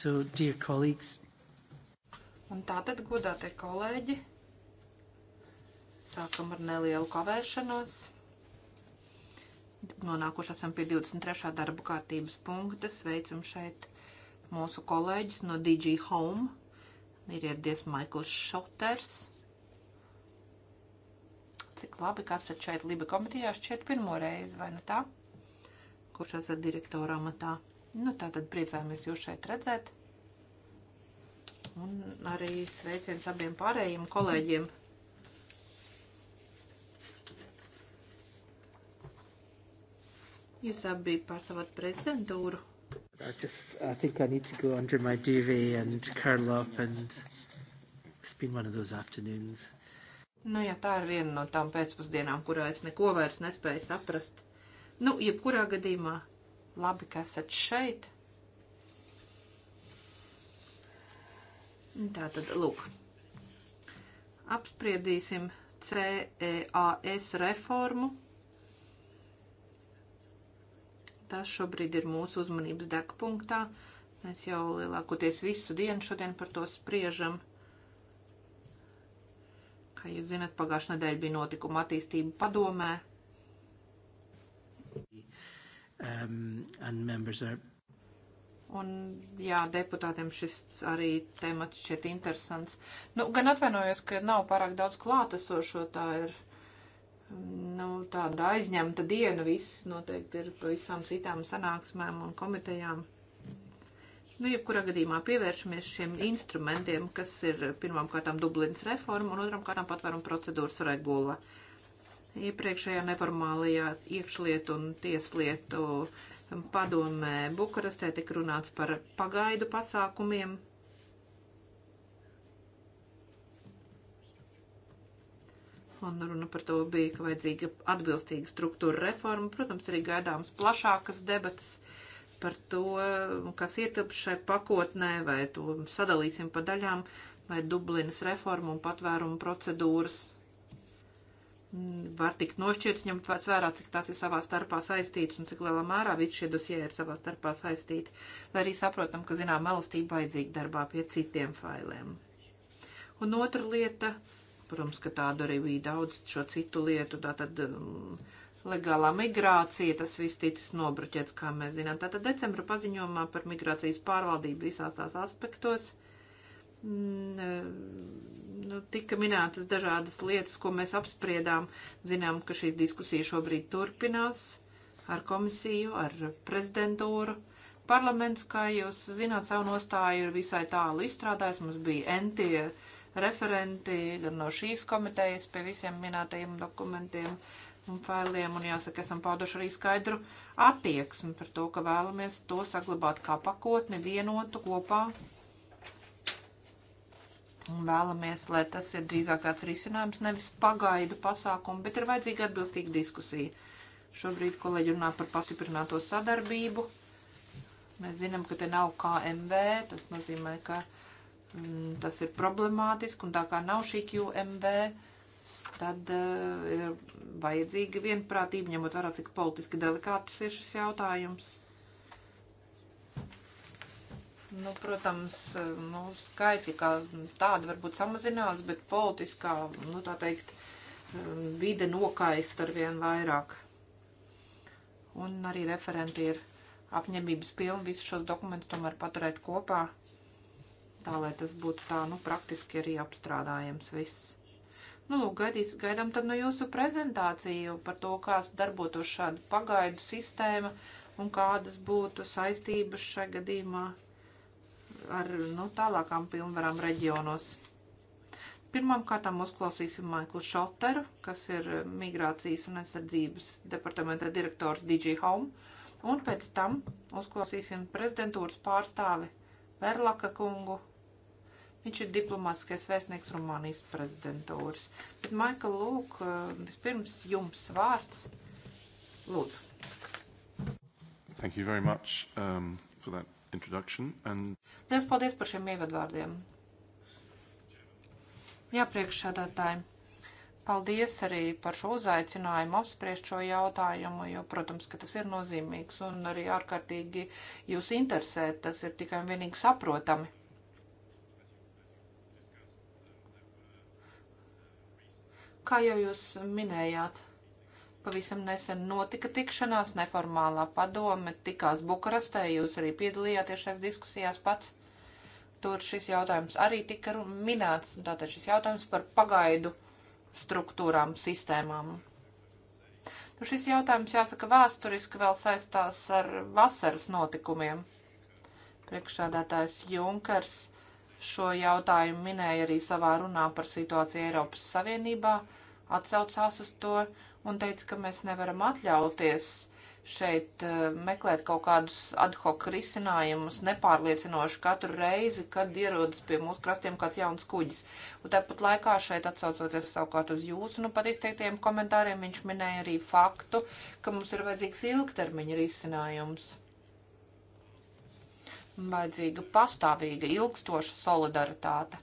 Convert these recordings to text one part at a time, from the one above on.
So, dear colleagues. Un tātad, godātie kolēģi, sākam ar nelielu kavēšanos. Nonākuši esam pie 23. darba kārtības punkta. Sveicam šeit mūsu kolēģis no DG Home. Ir ieradies Maikls Šoters. Cik labi, ka esat šeit Liba komitejā šķiet pirmo reizi, vai ne tā? Kurš esat direktora amatā? Nu, tā tad priecājamies jūs šeit redzēt. Un arī sveiciens abiem pārējiem kolēģiem. Jūs abi pārstāvat prezidentūru. I just, I think I need to go under my duvet and curl up and it's been one of those afternoons. Nu, ja tā ir viena no tām pēcpusdienām, kurā es neko vairs nespēju saprast. Nu, jebkurā gadījumā Labi, ka esat šeit. Tātad, lūk, apspriedīsim CEAS reformu. Tas šobrīd ir mūsu uzmanības degpunktā. Mēs jau lielākoties visu dienu šodien par to spriežam. Kā jūs zinat, pagājušā nedēļa bija notikuma attīstība padomē um, and members are. Un, jā, deputātiem šis arī temats šķiet interesants. Nu, gan atvainojos, ka nav pārāk daudz klātesošo, tā ir nu, tāda aizņemta diena. Viss noteikti ir pavisam citām sanāksmēm un komitejām. Nu, jebkurā gadījumā pievēršamies šiem instrumentiem, kas ir pirmām kārtām Dublinas reforma un otram kārtām patvērumu procedūras regula. Uh, iepriekšējā neformālajā iekšlietu un tieslietu padomē Bukarestē tika runāts par pagaidu pasākumiem. Un runa par to bija, ka vajadzīga atbilstīga struktūra reforma. Protams, arī gaidāms plašākas debatas par to, kas ietilpst šai pakotnē, vai to sadalīsim pa daļām, vai Dublinas reformu un patvērumu procedūras var tikt nošķirts, ņemt vērā, cik tās ir savā starpā saistītas un cik lielā mērā visi šie dosie ir savā starpā saistīti, lai arī saprotam, ka zinām elastība vajadzīga darbā pie citiem failiem. Un otra lieta, protams, ka tādu arī bija daudz šo citu lietu, tātad um, legālā migrācija, tas viss ticis nobruķēts, kā mēs zinām. Tātad decembra paziņojumā par migrācijas pārvaldību visās tās aspektos. Mm, Nu, tika minētas dažādas lietas, ko mēs apspriedām. Zinām, ka šī diskusija šobrīd turpinās ar komisiju, ar prezidentūru. Parlaments, kā jūs zināt, savu nostāju ir visai tālu izstrādājis. Mums bija entie referenti gan no šīs komitejas pie visiem minētajiem dokumentiem un failiem, un jāsaka, esam pauduši arī skaidru attieksmi par to, ka vēlamies to saglabāt kā pakotni vienotu kopā Un vēlamies, lai tas ir drīzāk tāds risinājums, nevis pagaidu pasākumu, bet ir vajadzīga atbilstīga diskusija. Šobrīd kolēģi runā par pastiprināto sadarbību. Mēs zinām, ka te nav KMV, tas nozīmē, ka mm, tas ir problemātiski, un tā kā nav šī QMV, tad uh, ir vajadzīga vienprātība, ņemot vērā, cik politiski delikātas ir šis jautājums. Nu, protams, nu, skaitļi kā tāda varbūt samazinās, bet politiskā, nu, tā teikt, um, vide nokaist ar vien vairāk. Un arī referenti ir apņemības pilni visus šos dokumentus tomēr paturēt kopā, tā lai tas būtu tā, nu, praktiski arī apstrādājams viss. Nu, lūk, gaidīs, gaidām tad no jūsu prezentāciju par to, kā darbotos šāda pagaidu sistēma un kādas būtu saistības šai gadījumā ar nu, tālākām pilnvarām reģionos. Pirmām kārtām uzklausīsim Maiklu Šoteru, kas ir migrācijas un aizsardzības departamenta direktors DJ Home, un pēc tam uzklausīsim prezidentūras pārstāvi Verlaka kungu. Viņš ir diplomātskais vēstnieks Rumānijas prezidentūras. Bet, Maikl, lūk, eh, vispirms jums vārds. Lūdzu. Thank you very much um, for that And... Liels paldies par šiem ievadvārdiem. Jā, priekšsēdētāji. Paldies arī par šo uzaicinājumu apspriest šo jautājumu, jo, protams, ka tas ir nozīmīgs un arī ārkārtīgi jūs interesē, tas ir tikai un vienīgi saprotami. Kā jau jūs minējāt? Pavisam nesen notika tikšanās, neformālā padome tikās Bukarestē, jūs arī piedalījāties šajās diskusijās pats. Tur šis jautājums arī tika minēts, tātad šis jautājums par pagaidu struktūrām, sistēmām. Nu, šis jautājums, jāsaka, vēsturiski vēl saistās ar vasaras notikumiem. Priekšsādātājs Junkers šo jautājumu minēja arī savā runā par situāciju Eiropas Savienībā, atsaucās uz to. Uh, un teica, ka mēs nevaram atļauties šeit eh, meklēt kaut kādus ad hoc risinājumus, nepārliecinoši katru reizi, kad ierodas pie mūsu krastiem kāds jauns kuģis. Un tāpat laikā šeit atsaucoties savukārt uz jūsu nu pat izteiktajiem komentāriem, viņš minēja arī faktu, ka mums ir vajadzīgs ilgtermiņa risinājums. Vajadzīga pastāvīga, ilgstoša solidaritāte.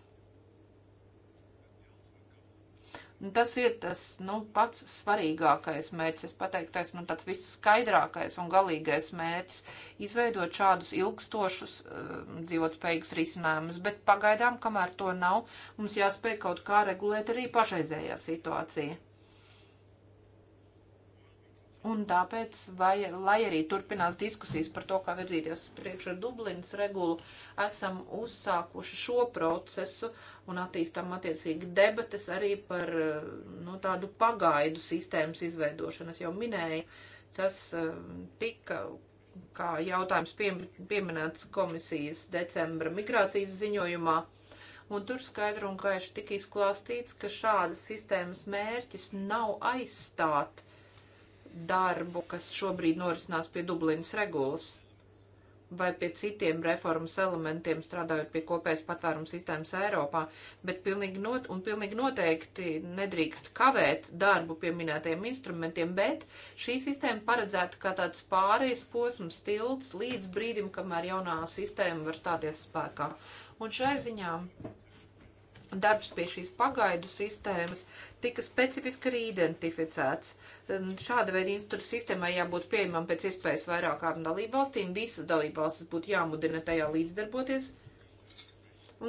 Nu, tas ir tas nu, pats svarīgākais mērķis, es pateiktais, nu, tāds visskaidrākais un galīgais mērķis - izveidot šādus ilgstošus uh, dzīvotspējīgus risinājumus, bet pagaidām, kamēr to nav, mums jāspēj kaut kā regulēt arī pašreizējā situācija. Un tāpēc, vai, lai arī turpinās diskusijas par to, kā virzīties uz priekšu ar Dublinas regulu, esam uzsākuši šo procesu un attīstam attiecīgi debates arī par eh, nu, tādu pagaidu sistēmas izveidošanu. Es jau minēju, tas eh, tika kā jautājums piem, pieminēts komisijas decembra migrācijas ziņojumā. Un tur skaidri un gaiši tika izklāstīts, ka šādas sistēmas mērķis nav aizstāt darbu, kas šobrīd norisinās pie Dublinas regulas vai pie citiem reformas elementiem strādājot pie kopējas patvērums sistēmas Eiropā, bet pilnīgi, not, un pilnīgi noteikti nedrīkst kavēt darbu pie minētajiem instrumentiem, bet šī sistēma paredzēta kā tāds pārējais posms tilts līdz brīdim, kamēr jaunā sistēma var stāties spēkā. Un šai ziņā Darbs pie šīs pagaidu sistēmas tika specifiski arī identificēts. Šāda veida institūta sistēmai jābūt pieejamam pēc iespējas vairākām dalībvalstīm. Visas dalībvalstis būtu jāmudina tajā līdzdarboties.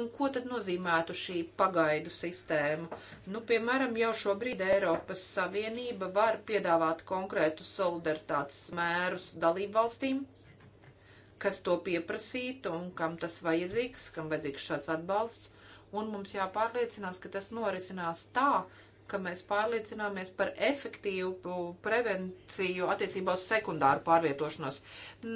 Un ko tad nozīmētu šī pagaidu sistēma? Nu, piemēram, jau šobrīd Eiropas Savienība var piedāvāt konkrētus solidaritātes mērus dalībvalstīm, kas to pieprasītu un kam tas vajadzīgs, kam vajadzīgs šāds atbalsts un mums jāpārliecinās, ka tas norisinās tā, ka mēs pārliecināmies par efektīvu prevenciju attiecībā uz sekundāru pārvietošanos.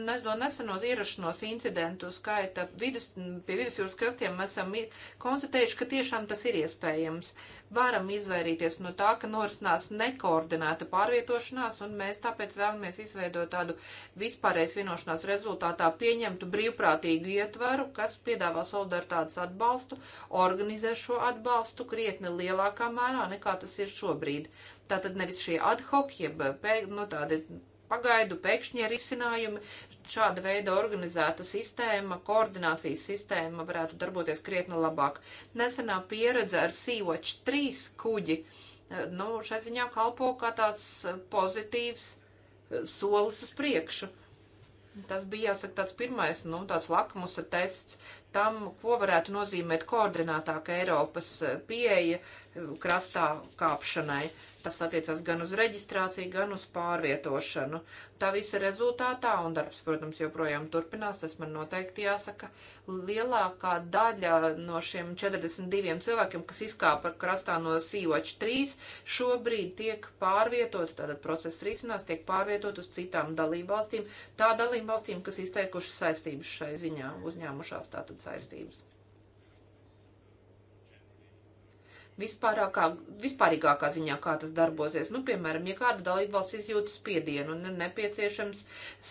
Nes no nesenos ierašanos incidentu skaita vidus, pie vidusjūras krastiem esam konstatējuši, ka tiešām tas ir iespējams varam izvairīties no tā, ka norisinās nekoordinēta pārvietošanās, un mēs tāpēc vēlamies izveidot tādu vispārējais vienošanās rezultātā pieņemtu brīvprātīgu ietvaru, kas piedāvā solidaritātes atbalstu, organizē šo atbalstu krietni lielākā mērā nekā tas ir šobrīd. Tātad nevis šie ad hoc, jeb nu, tādi pagaidu, pēkšņi ir izcinājumi. Šāda veida organizēta sistēma, koordinācijas sistēma varētu darboties krietni labāk. Nesenā pieredze ar Sea-Watch 3 kuģi, eh, nu, šai ziņā kalpo kā tāds eh, pozitīvs eh, solis uz priekšu. Tas bija, jāsaka, tāds pirmais, nu, tāds lakmusa tests tam, ko varētu nozīmēt koordinētāka Eiropas eh, pieeja eh, krastā kāpšanai. Tas attiecās gan uz reģistrāciju, gan uz pārvietošanu. Tā visa rezultātā, un darbs, protams, joprojām turpinās, tas man noteikti jāsaka, lielākā daļa no šiem 42 cilvēkiem, kas izkāpa krastā no Sīvača 3, šobrīd tiek pārvietot, tātad process risinās, tiek pārvietot uz citām dalībvalstīm, tā dalībvalstīm, kas izteikušas saistības šai ziņā, uzņēmušās tātad saistības. vispārīgākā ziņā, kā tas darbosies. Nu, piemēram, ja kāda dalībvalsts izjūt spiedienu un ir nepieciešams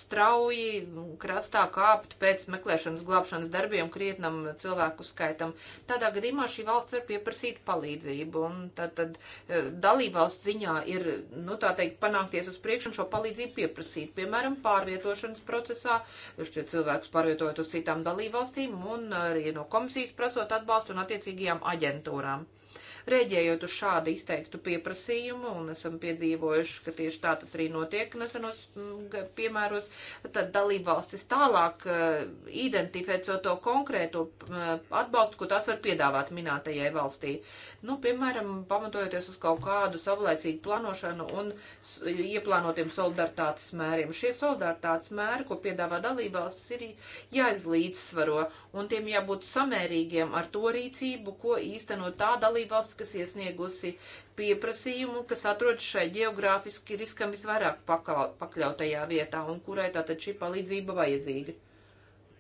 strauji krastā kāpt pēc meklēšanas glābšanas darbiem krietnam cilvēku skaitam, tādā gadījumā šī valsts var pieprasīt palīdzību. Un tad, tad e, dalībvalsts ziņā ir, nu, tā teikt, panākties uz priekšu un šo palīdzību pieprasīt, piemēram, pārvietošanas procesā, jo šie cilvēkus pārvietojot uz citām dalībvalstīm un arī no komisijas prasot atbalstu un attiecīgajām aģentūrām rēģējot uz šādu izteiktu pieprasījumu, un esam piedzīvojuši, ka tieši tā tas arī notiek nesenos piemēros, tad dalību valstis tālāk e, identificē to konkrēto atbalstu, ko tās var piedāvāt minētajai valstī. Nu, piemēram, pamatojoties uz kaut kādu savlaicīgu plānošanu un ieplānotiem solidaritātes mēriem. Šie solidaritātes mēri, ko piedāvā dalībvalstis, ir jāizlīdzsvaro, un tiem jābūt samērīgiem ar to rīcību, ko īstenot tā dalībvalsts, valsts, kas iesniegusi pieprasījumu, kas atrodas šai geogrāfiski riskam visvairāk pakļautajā vietā un kurai tātad šī palīdzība vajadzīga.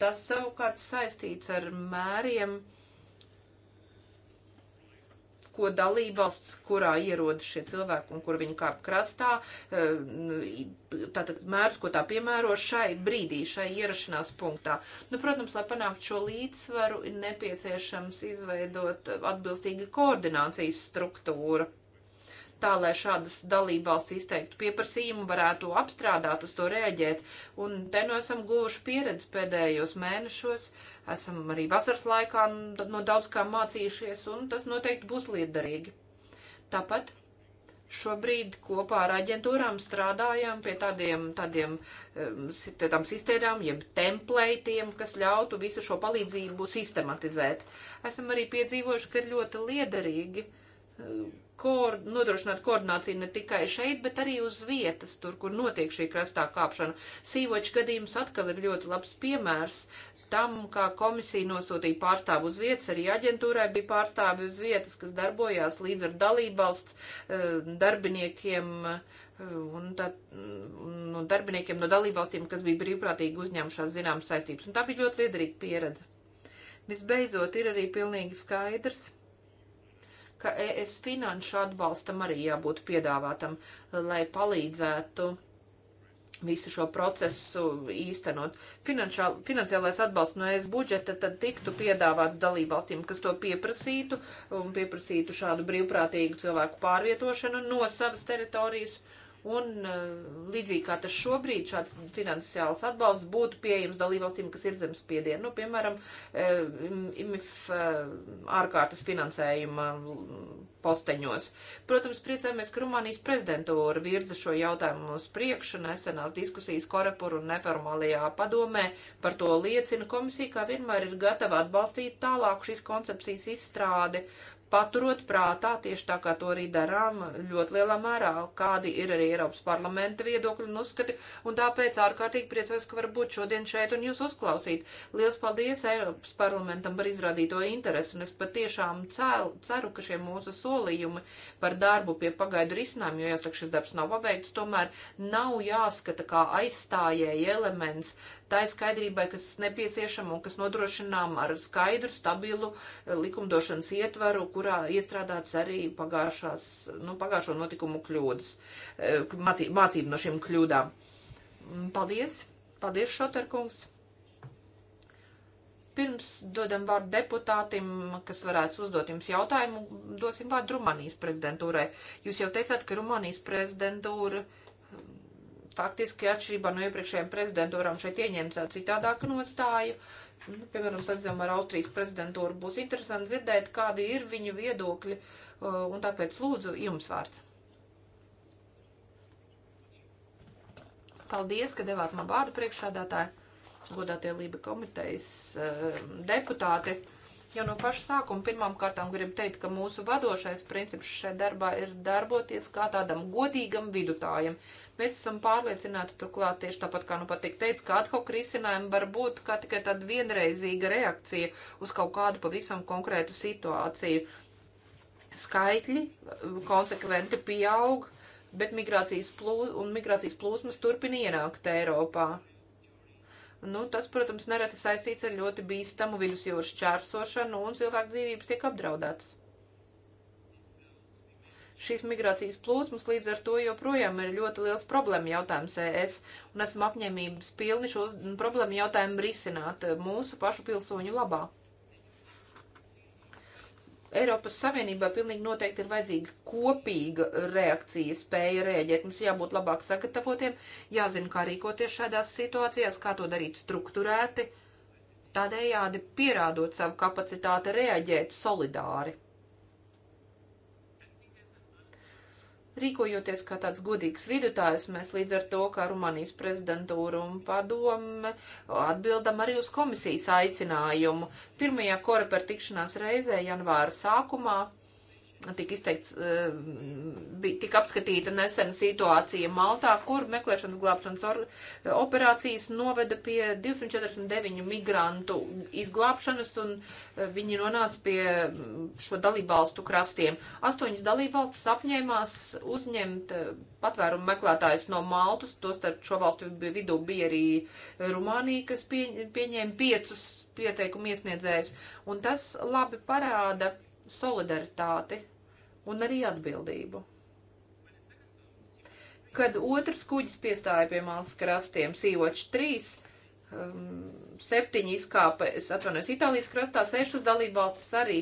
Tas savukārt saistīts ar mēriem. Uh, ko dalībvalsts, kurā ierodas šie cilvēki un kur viņi kāp krastā, e, nu, tātad mērs, ko tā piemēro šai brīdī, šai ierašanās punktā. Nu, protams, lai panākt šo līdzsvaru, ir nepieciešams izveidot atbilstīgi koordinācijas struktūru tā lai šādas dalībvalsts izteiktu pieprasījumu, varētu apstrādāt, uz to reaģēt. Un te no nu esam guvuši pieredzi pēdējos mēnešos, esam arī vasaras laikā no daudz kā mācījušies, un tas noteikti būs liederīgi. Tāpat šobrīd kopā ar aģentūrām strādājam pie tādiem, tādiem tādām sistēmām, jeb templētiem, kas ļautu visu šo palīdzību sistematizēt. Esam arī piedzīvojuši, ka ir ļoti liederīgi koor nodrošināt koordināciju ne tikai šeit, bet arī uz vietas, tur, kur notiek šī krastā kāpšana. Sīvoča gadījums atkal ir ļoti labs piemērs tam, kā komisija nosūtīja pārstāvu uz vietas, arī aģentūrai bija pārstāvi uz vietas, kas darbojās līdz ar dalībvalsts eh, darbiniekiem eh, un, tā, un darbiniekiem no dalībvalstīm, kas bija brīvprātīgi uzņēmušās zināmas saistības. Un tā bija ļoti liederīga pieredze. Visbeidzot, ir arī pilnīgi skaidrs ka ES finanšu atbalstam arī jābūt piedāvātam, lai palīdzētu visu šo procesu īstenot. Finanšā, finansiālais atbalsts no ES budžeta tad tiktu piedāvāts dalībvalstīm, kas to pieprasītu un pieprasītu šādu brīvprātīgu cilvēku pārvietošanu no savas teritorijas Un eh, līdzīgi kā tas šobrīd, šāds finansiāls atbalsts būtu pieejams dalībvalstīm, kas ir zem spiediena, nu, piemēram, eh, IMF eh, ārkārtas finansējuma mm, posteņos. Protams, priecājamies, ka Rumānijas prezidentūra virza šo jautājumu uz priekšu nesenās diskusijas korepuru un neformālajā padomē. Par to liecina komisija, kā vienmēr ir gatava atbalstīt tālāk šīs koncepcijas izstrādi paturot prātā, tieši tā kā to arī darām, ļoti lielā mērā, kādi ir arī Eiropas parlamenta viedokļi un uzskati, un tāpēc ārkārtīgi priecājos, ka var būt šodien šeit un jūs uzklausīt. Lielas paldies Eiropas parlamentam par izrādīto interesi, un es patiešām cēlu, ceru, ka šie mūsu solījumi par darbu pie pagaidu risinājumu, jo jāsaka, šis darbs nav pabeigts, tomēr nav jāskata kā aizstājēji elements tai skaidrībai, kas nepieciešama un kas nodrošinām ar skaidru, stabilu eh, likumdošanas ietvaru, kurā iestrādāts arī pagājušās, nu, pagājušo notikumu kļūdas, eh, mācību no šīm kļūdām. Mm, paldies! Paldies, Šoterkungs! Pirms dodam vārdu deputātim, kas varētu uzdot jums jautājumu, dosim vārdu Rumānijas prezidentūrai. Jūs jau teicāt, ka Rumānijas prezidentūra faktiski atšķirībā no iepriekšējiem prezidentūram šeit ieņemts citādāka nostāja. Nu, piemēram, salīdzinām ar Austrijas prezidentūru būs interesanti dzirdēt, kādi ir viņu viedokļi, un tāpēc lūdzu jums vārds. Paldies, ka devāt man vārdu priekšādātāju, godātie Lība komitejas eh, deputāti. Jau no paša sākuma pirmām kārtām gribu teikt, ka mūsu vadošais princips šajā darbā ir darboties kā tādam godīgam vidutājam. Mēs esam pārliecināti, turklāt tieši tāpat kā nu patīk teica, ka ad hoc risinājumi var būt kā tikai tāda vienreizīga reakcija uz kaut kādu pavisam konkrētu situāciju. Skaitļi konsekventi pieaug, bet migrācijas plū, un migrācijas plūsmas turpina ienākt Eiropā. Nu, tas, protams, nereti saistīts ar ļoti bīstamu vidusjūras čērsošanu un cilvēku dzīvības tiek apdraudētas. Šīs migrācijas plūsmas līdz ar to joprojām ir ļoti liels problēma jautājums ES, un esam apņēmības pilni šo problēmu jautājumu risināt mūsu pašu pilsoņu labā. Eiropas Savienībā pilnīgi noteikti ir vajadzīga kopīga reakcija, spēja rēģēt. Mums jābūt labāk sagatavotiem, jāzina, kā rīkoties šādās situācijās, kā to darīt struktūrēti, tādējādi pierādot savu kapacitāti reaģēt solidāri. rīkojoties kā tāds godīgs vidutājs, mēs līdz ar to, kā Rumānijas prezidentūra un padome, atbildam arī uz komisijas aicinājumu. Pirmajā korepera tikšanās reizē janvāra sākumā tika izteikts, eh, bija tik apskatīta nesena situācija Maltā, kur meklēšanas glābšanas operācijas noveda pie 249 migrantu izglābšanas, un eh, viņi nonāca pie mm, šo dalībvalstu krastiem. Astoņas dalībvalstis apņēmās uzņemt eh, patvērumu meklētājus no Maltas, tostarp šo valstu vidū bija arī Rumānija, kas pie, pieņēma piecus pieteikumu iesniedzējus, un tas labi parāda solidaritāti un arī atbildību. Kad otrs kuģis piestāja pie malas krastiem, Sīvočs 3, um, septiņi izkāpa, es atvainojos, Itālijas krastā sešas dalībvalstis arī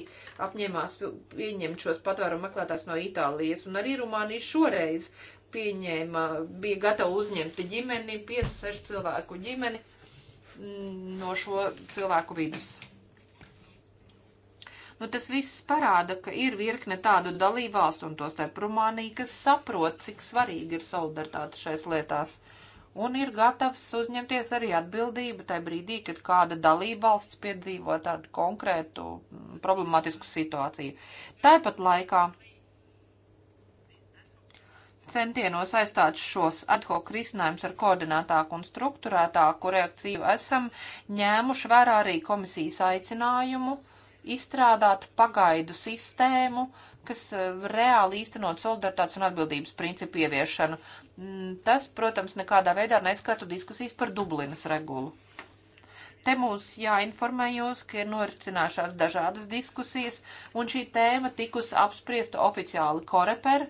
apņēmās pieņemt šos patvērumu meklētājs no Itālijas, un arī Rumānija šoreiz pieņēma, bija gatava uzņemt ģimeni, 5-6 cilvēku ģimeni mm, no šo cilvēku vidus. Nu, tas viss parāda, ka ir virkne tādu dalībvalstu, un tos starp Rumāniju, kas saprot, cik svarīgi ir solidaritāte šais lietās, un ir gatavs uzņemties arī atbildību tajā brīdī, kad kāda dalībvalsts piedzīvo tādu konkrētu mm, problemātisku situāciju. Tāpat laikā centienos aizstāt šos ad hoc risinājumus ar koordinētāku un struktūrētāku reakciju, esam ņēmuši vērā arī komisijas aicinājumu izstrādāt pagaidu sistēmu, kas eh, reāli īstenot solidaritātes un atbildības principu ieviešanu. Mm, tas, protams, nekādā veidā neskartu diskusijas par Dublinas regulu. Te mūs jāinformē jūs, ka ir noricinājušās dažādas diskusijas, un šī tēma tikus apspriesta oficiāli koreper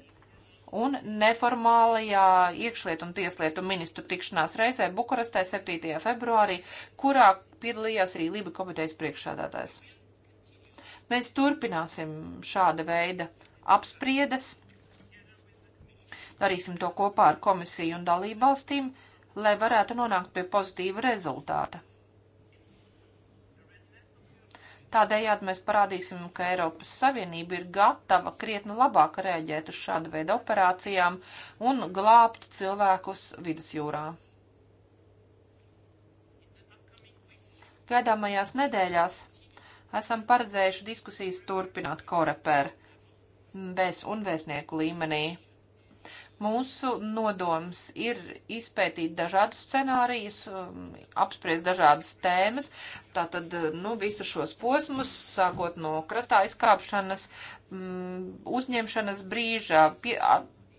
un neformālajā iekšlietu un tieslietu ministru tikšanās reizē Bukurestē 7. februārī, kurā piedalījās arī Lība komitejas priekšsādātājs. Mēs turpināsim šāda veida apspriedes. Darīsim to kopā ar komisiju un dalību valstīm, lai varētu nonākt pie pozitīva rezultāta. Tādējādi mēs parādīsim, ka Eiropas Savienība ir gatava krietni labāk rēģēt uz šādu veidu operācijām un glābt cilvēkus vidusjūrā. Gaidāmajās nedēļās esam paredzējuši diskusijas turpināt koreper vēs un vēstnieku līmenī. Mūsu nodoms ir izpētīt dažādus scenārijus, um, apspriest dažādas tēmas, tātad, nu, visus šos posmus, sākot no krastā izkāpšanas, mm, uzņemšanas brīža, pie,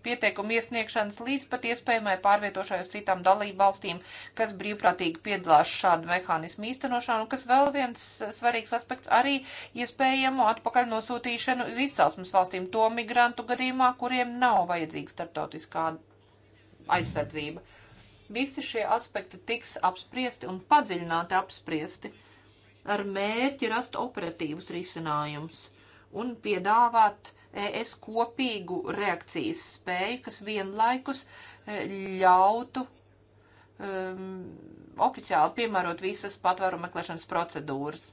pieteikumu iesniegšanas līdz pat iespējamai pārvietošanai uz citām dalību valstīm, kas brīvprātīgi piedalās šādu mehānismu īstenošanu, kas vēl viens svarīgs aspekts arī iespējamu atpakaļ nosūtīšanu uz izcelsmes valstīm to migrantu gadījumā, kuriem nav vajadzīga starptautiskā aizsardzība. Visi šie aspekti tiks apspriesti un padziļināti apspriesti ar mērķi rast operatīvus risinājumus un piedāvāt ES kopīgu reakcijas spēju, kas vienlaikus e, ļautu um, oficiāli piemērot visas patvērumu meklēšanas procedūras.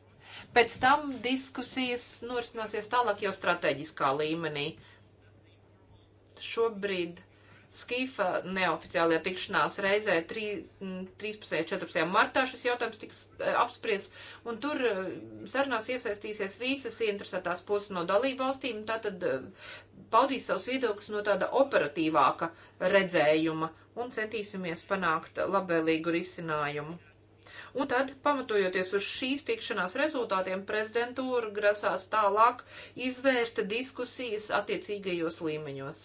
Pēc tam diskusijas norisināsies tālāk jau strateģiskā līmenī. Šobrīd Skifa neoficiālajā tikšanās reizē 13.14. martā šis jautājums tiks e, apspriests, un tur e, sarunās iesaistīsies visas interesētās puses no dalību valstīm, tātad e, paudīs savus viedokļus no tāda operatīvāka redzējuma un centīsimies panākt labvēlīgu risinājumu. Un tad, pamatojoties uz šīs tikšanās rezultātiem, prezidentūra grasās tālāk izvērsta diskusijas attiecīgajos līmeņos.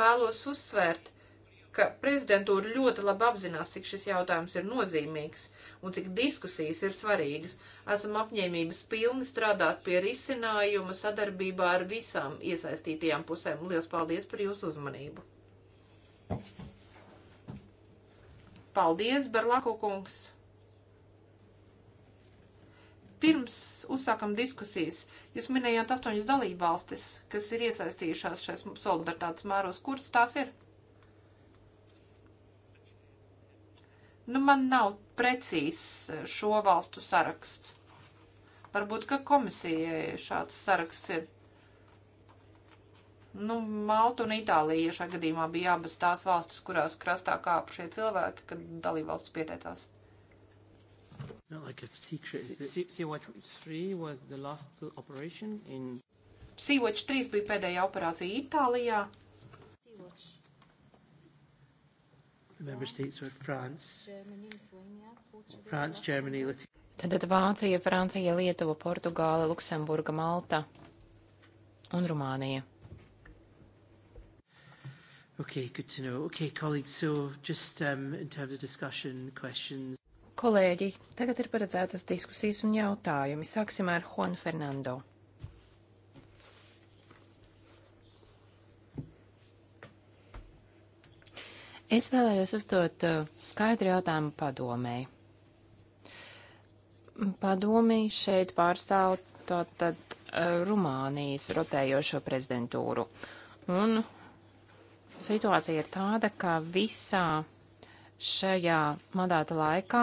Vēlos uzsvērt, ka prezidentūra ļoti labi apzinās, cik šis jautājums ir nozīmīgs un cik diskusijas ir svarīgas. Esam apņēmības pilni strādāt pie risinājuma sadarbībā ar visām iesaistītajām pusēm. Lielas paldies par jūsu uzmanību! Paldies, Berlako kungs! pirms uzsākam diskusijas, jūs minējāt astoņas dalībvalstis, kas ir iesaistījušās šais solidaritātes mēros, kuras tās ir? Nu, man nav precīzs eh, šo valstu saraksts. Varbūt, ka komisijai šāds saraksts ir. Nu, Malta un Itālija šajā gadījumā bija abas tās valstis, kurās krastā kāpu šie cilvēki, kad dalībvalsts pieteicās. Not like a secret, is it? Sea, sea Watch 3 was the last operation in... Sea Watch 3 bija pēdējā operācija Itālijā. Sea Watch. The member states were France. Germany, Lithuania, Portugal, France, Germany, Lithuania. Tad Vācija, Francija, Lietuva, Portugāla, Luksemburga, Malta un Rumānija. Okay, good to know. Okay, colleagues, so just um, in terms of discussion, questions. Kolēģi, tagad ir paredzētas diskusijas un jautājumi. Sāksim ar Juan Fernando. Es vēlējos uzdot uh, skaidru jautājumu padomēji. Padomi šeit pārstāv tātad uh, Rumānijas rotējošo prezidentūru. Un situācija ir tāda, ka visā šajā mandāta laikā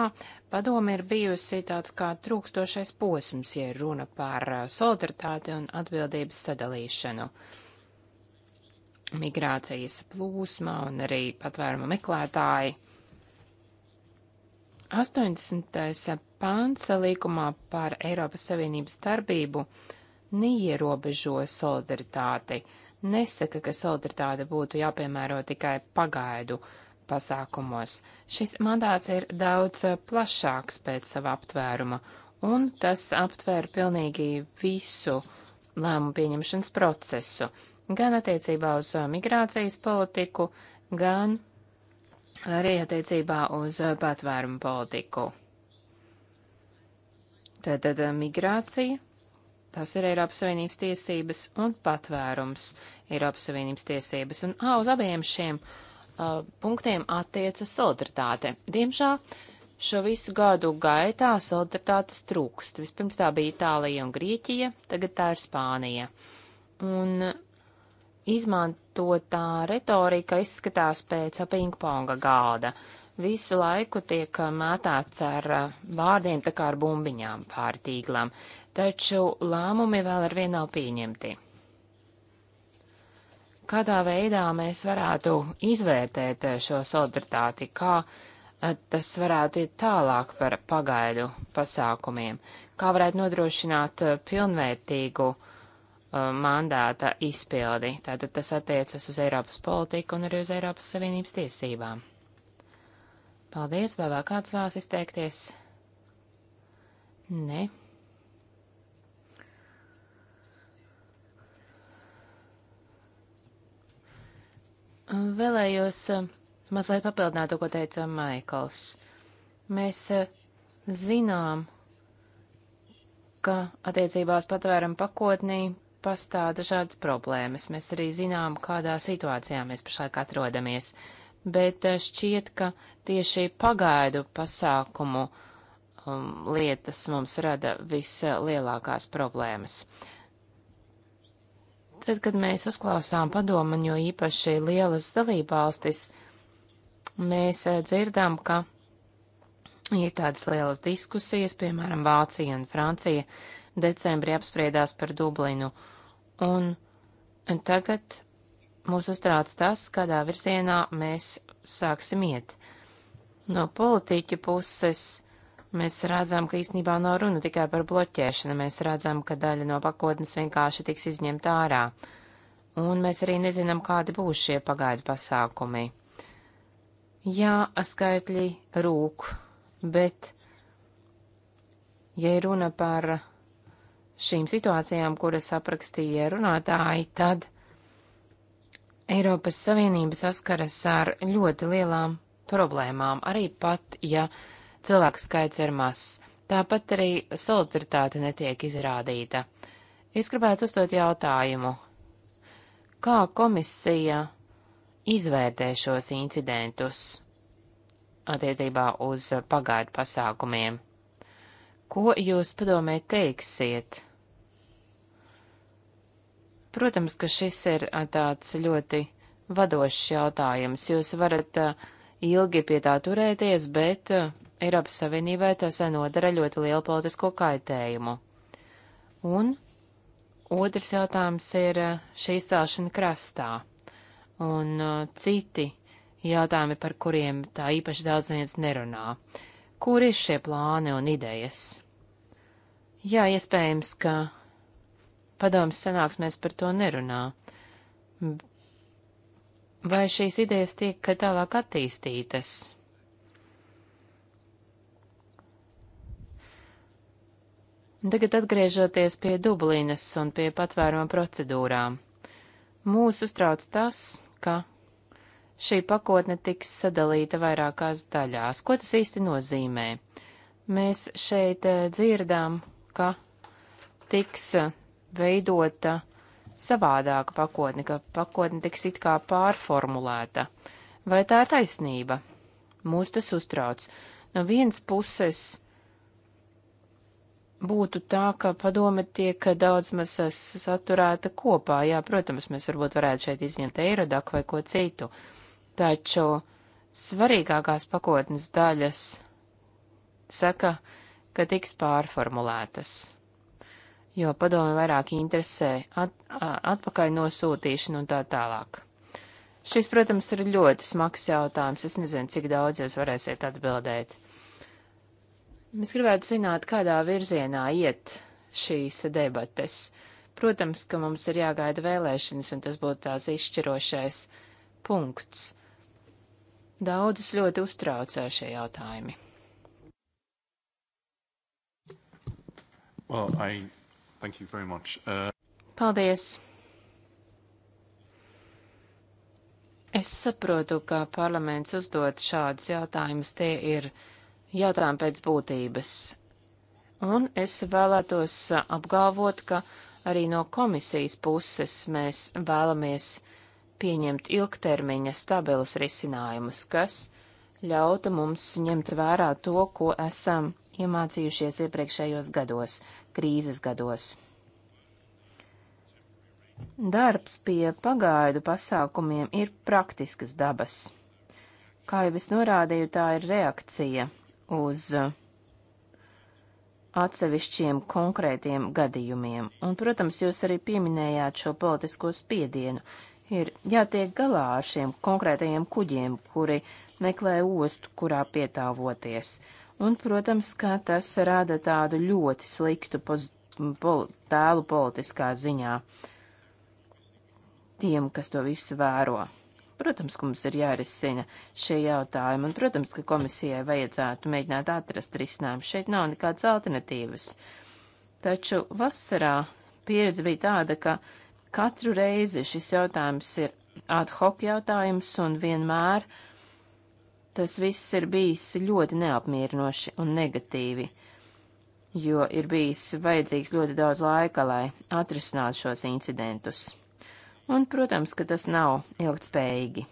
padome ir bijusi tāds kā trūkstošais posms, ja runa par solidaritāti un atbildības sadalīšanu migrācijas plūsma un arī patvēruma meklētāji. 80. pāns līkumā par Eiropas Savienības darbību neierobežo solidaritāti, nesaka, ka solidaritāte būtu jāpiemēro tikai pagaidu pasākumos. Šis mandāts ir daudz plašāks pēc sava aptvēruma, un tas aptvēr pilnīgi visu lēmumu pieņemšanas procesu, gan attiecībā uz migrācijas politiku, gan arī attiecībā uz patvērumu politiku. Tātad migrācija, tas ir Eiropas Savienības tiesības un patvērums Eiropas Savienības tiesības, un ā, uz abiem šiem uh, Uh, punktiem attiecas solidaritāte. Diemžēl šo visu gadu gaitā solidaritātes trūkst. Vispirms tā bija Itālija un Grieķija, tagad tā ir Spānija. Un izmantotā retorika izskatās pēc pingponga galda. Visu laiku tiek mētāts ar uh, vārdiem tā kā ar bumbiņām pāri tīklam, taču lēmumi vēl ar vienu nav pieņemti kādā veidā mēs varētu izvērtēt šo solidaritāti, kā eh, tas varētu iet tālāk par pagaidu pasākumiem, kā varētu nodrošināt eh, pilnvērtīgu eh, mandāta izpildi. Tātad tas attiecas uz Eiropas politiku un arī uz Eiropas Savienības tiesībām. Paldies, vai vēl kāds vēlas izteikties? Nē. Ne. Vēlējos eh, mazliet papildināt to, ko teica Maikls. Mēs eh, zinām, ka attiecībās patvēram pakotnī pastāv dažādas problēmas. Mēs arī zinām, kādā situācijā mēs pašlaik atrodamies. Bet eh, šķiet, ka tieši pagaidu pasākumu um, lietas mums rada vislielākās problēmas. Uh, Tad, kad mēs uzklausām padomu, jo īpaši lielas dalībvalstis, mēs eh, dzirdam, ka ir tādas lielas diskusijas, piemēram, Vācija un Francija decembrī apspriedās par Dublinu, un tagad mūs uztrauc tas, kādā virzienā mēs sāksim iet. No politiķa puses Mēs redzam, ka īstenībā nav runa tikai par bloķēšanu, mēs redzam, ka daļa no pakotnes vienkārši tiks izņemta ārā. Un mēs arī nezinām, kādi būs šie pagaidu pasākumi. Jā, skaitļi rūk, bet, ja runa par šīm situācijām, kuras aprakstīja runātāji, tad Eiropas Savienība saskaras ar ļoti lielām problēmām, arī pat, ja cilvēku skaits ir mazs. Tāpat arī solidaritāte netiek izrādīta. Es gribētu uzdot jautājumu, kā komisija izvērtē šos incidentus attiecībā uz pagaidu pasākumiem? Ko jūs padomē teiksiet? Protams, ka šis ir tāds ļoti vadošs jautājums. Jūs varat ilgi pie tā turēties, bet Eiropas Savienībai tas nodara ļoti lielu politisko kaitējumu. Un otrs jautājums ir eh, šī izcelšana krastā un eh, citi jautājumi, par kuriem tā īpaši daudz viens nerunā. Kur ir šie plāni un idejas? Jā, iespējams, ka padomas sanāksmēs par to nerunā. Vai šīs idejas tiek tālāk attīstītas? Tagad atgriežoties pie Dublinas un pie patvēruma procedūrām. Mūs uztrauc tas, ka šī pakotne tiks sadalīta vairākās daļās. Ko tas īsti nozīmē? Mēs šeit eh, dzirdām, ka tiks eh, veidota savādāka pakotne, ka pakotne tiks it kā pārformulēta. Vai tā ir taisnība? Mūs tas uztrauc. No vienas puses būtu tā, ka padome tiek daudz maz saturēta kopā. Jā, protams, mēs varbūt varētu šeit izņemt eirodaku vai ko citu, taču svarīgākās pakotnes daļas saka, ka tiks pārformulētas, jo padome vairāk interesē at, atpakaļ nosūtīšanu un tā tālāk. Šis, protams, ir ļoti smags jautājums. Es nezinu, cik daudz jūs varēsiet atbildēt. Mēs gribētu zināt, kādā virzienā iet šīs debates. Protams, ka mums ir jāgaida vēlēšanas, un tas būtu tās izšķirošais punkts. Daudzus ļoti uztraucē šie jautājumi. Well, I thank you very much. Uh... Paldies. Es saprotu, ka parlaments uzdod šādus jautājumus. Tie ir uh, jautājumu pēc būtības. Un es vēlētos apgalvot, ka arī no komisijas puses mēs vēlamies pieņemt ilgtermiņa stabilus risinājumus, kas ļauta mums ņemt vērā to, ko esam iemācījušies iepriekšējos gados, krīzes gados. Darbs pie pagaidu pasākumiem ir praktiskas dabas. Kā jau es norādīju, tā ir reakcija uz atsevišķiem konkrētiem gadījumiem. Un, protams, jūs arī pieminējāt šo politisko spiedienu. Ir jātiek galā ar šiem konkrētajiem kuģiem, kuri meklē ostu, kurā pietāvoties. Un, protams, ka tas rada tādu ļoti sliktu poz, pol, tēlu politiskā ziņā tiem, kas to visu vēro. Protams, ka mums ir jārisina šie jautājumi, un, protams, ka komisijai vajadzētu mēģināt atrast risinājumu. Šeit nav nekādas alternatīvas. Taču vasarā pieredze bija tāda, ka katru reizi šis jautājums ir ad hoc jautājums, un vienmēr tas viss ir bijis ļoti neapmierinoši un negatīvi jo ir bijis vajadzīgs ļoti daudz laika, lai atrisinātu šos incidentus un, protams, ka tas nav ilgtspējīgi.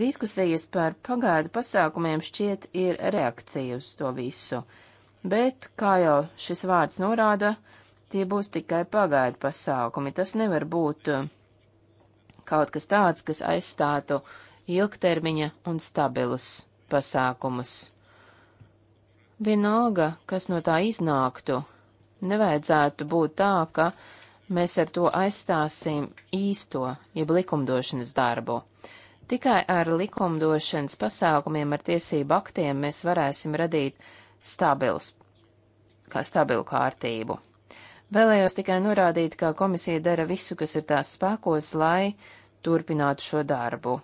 Diskusijas par pagaidu pasākumiem šķiet ir reakcija uz to visu, bet, kā jau šis vārds norāda, tie būs tikai pagaidu pasākumi. Tas nevar būt uh, kaut kas tāds, kas aizstātu ilgtermiņa un stabilus pasākumus. Vienalga, kas no tā iznāktu, nevajadzētu būt tā, ka uh, Mēs ar to aizstāsim īsto, jeb likumdošanas darbu. Tikai ar likumdošanas pasākumiem, ar tiesību aktiem mēs varēsim radīt stabilus, kā stabilu kārtību. Vēlējos tikai norādīt, ka komisija dara visu, kas ir tās spēkos, lai turpinātu šo darbu.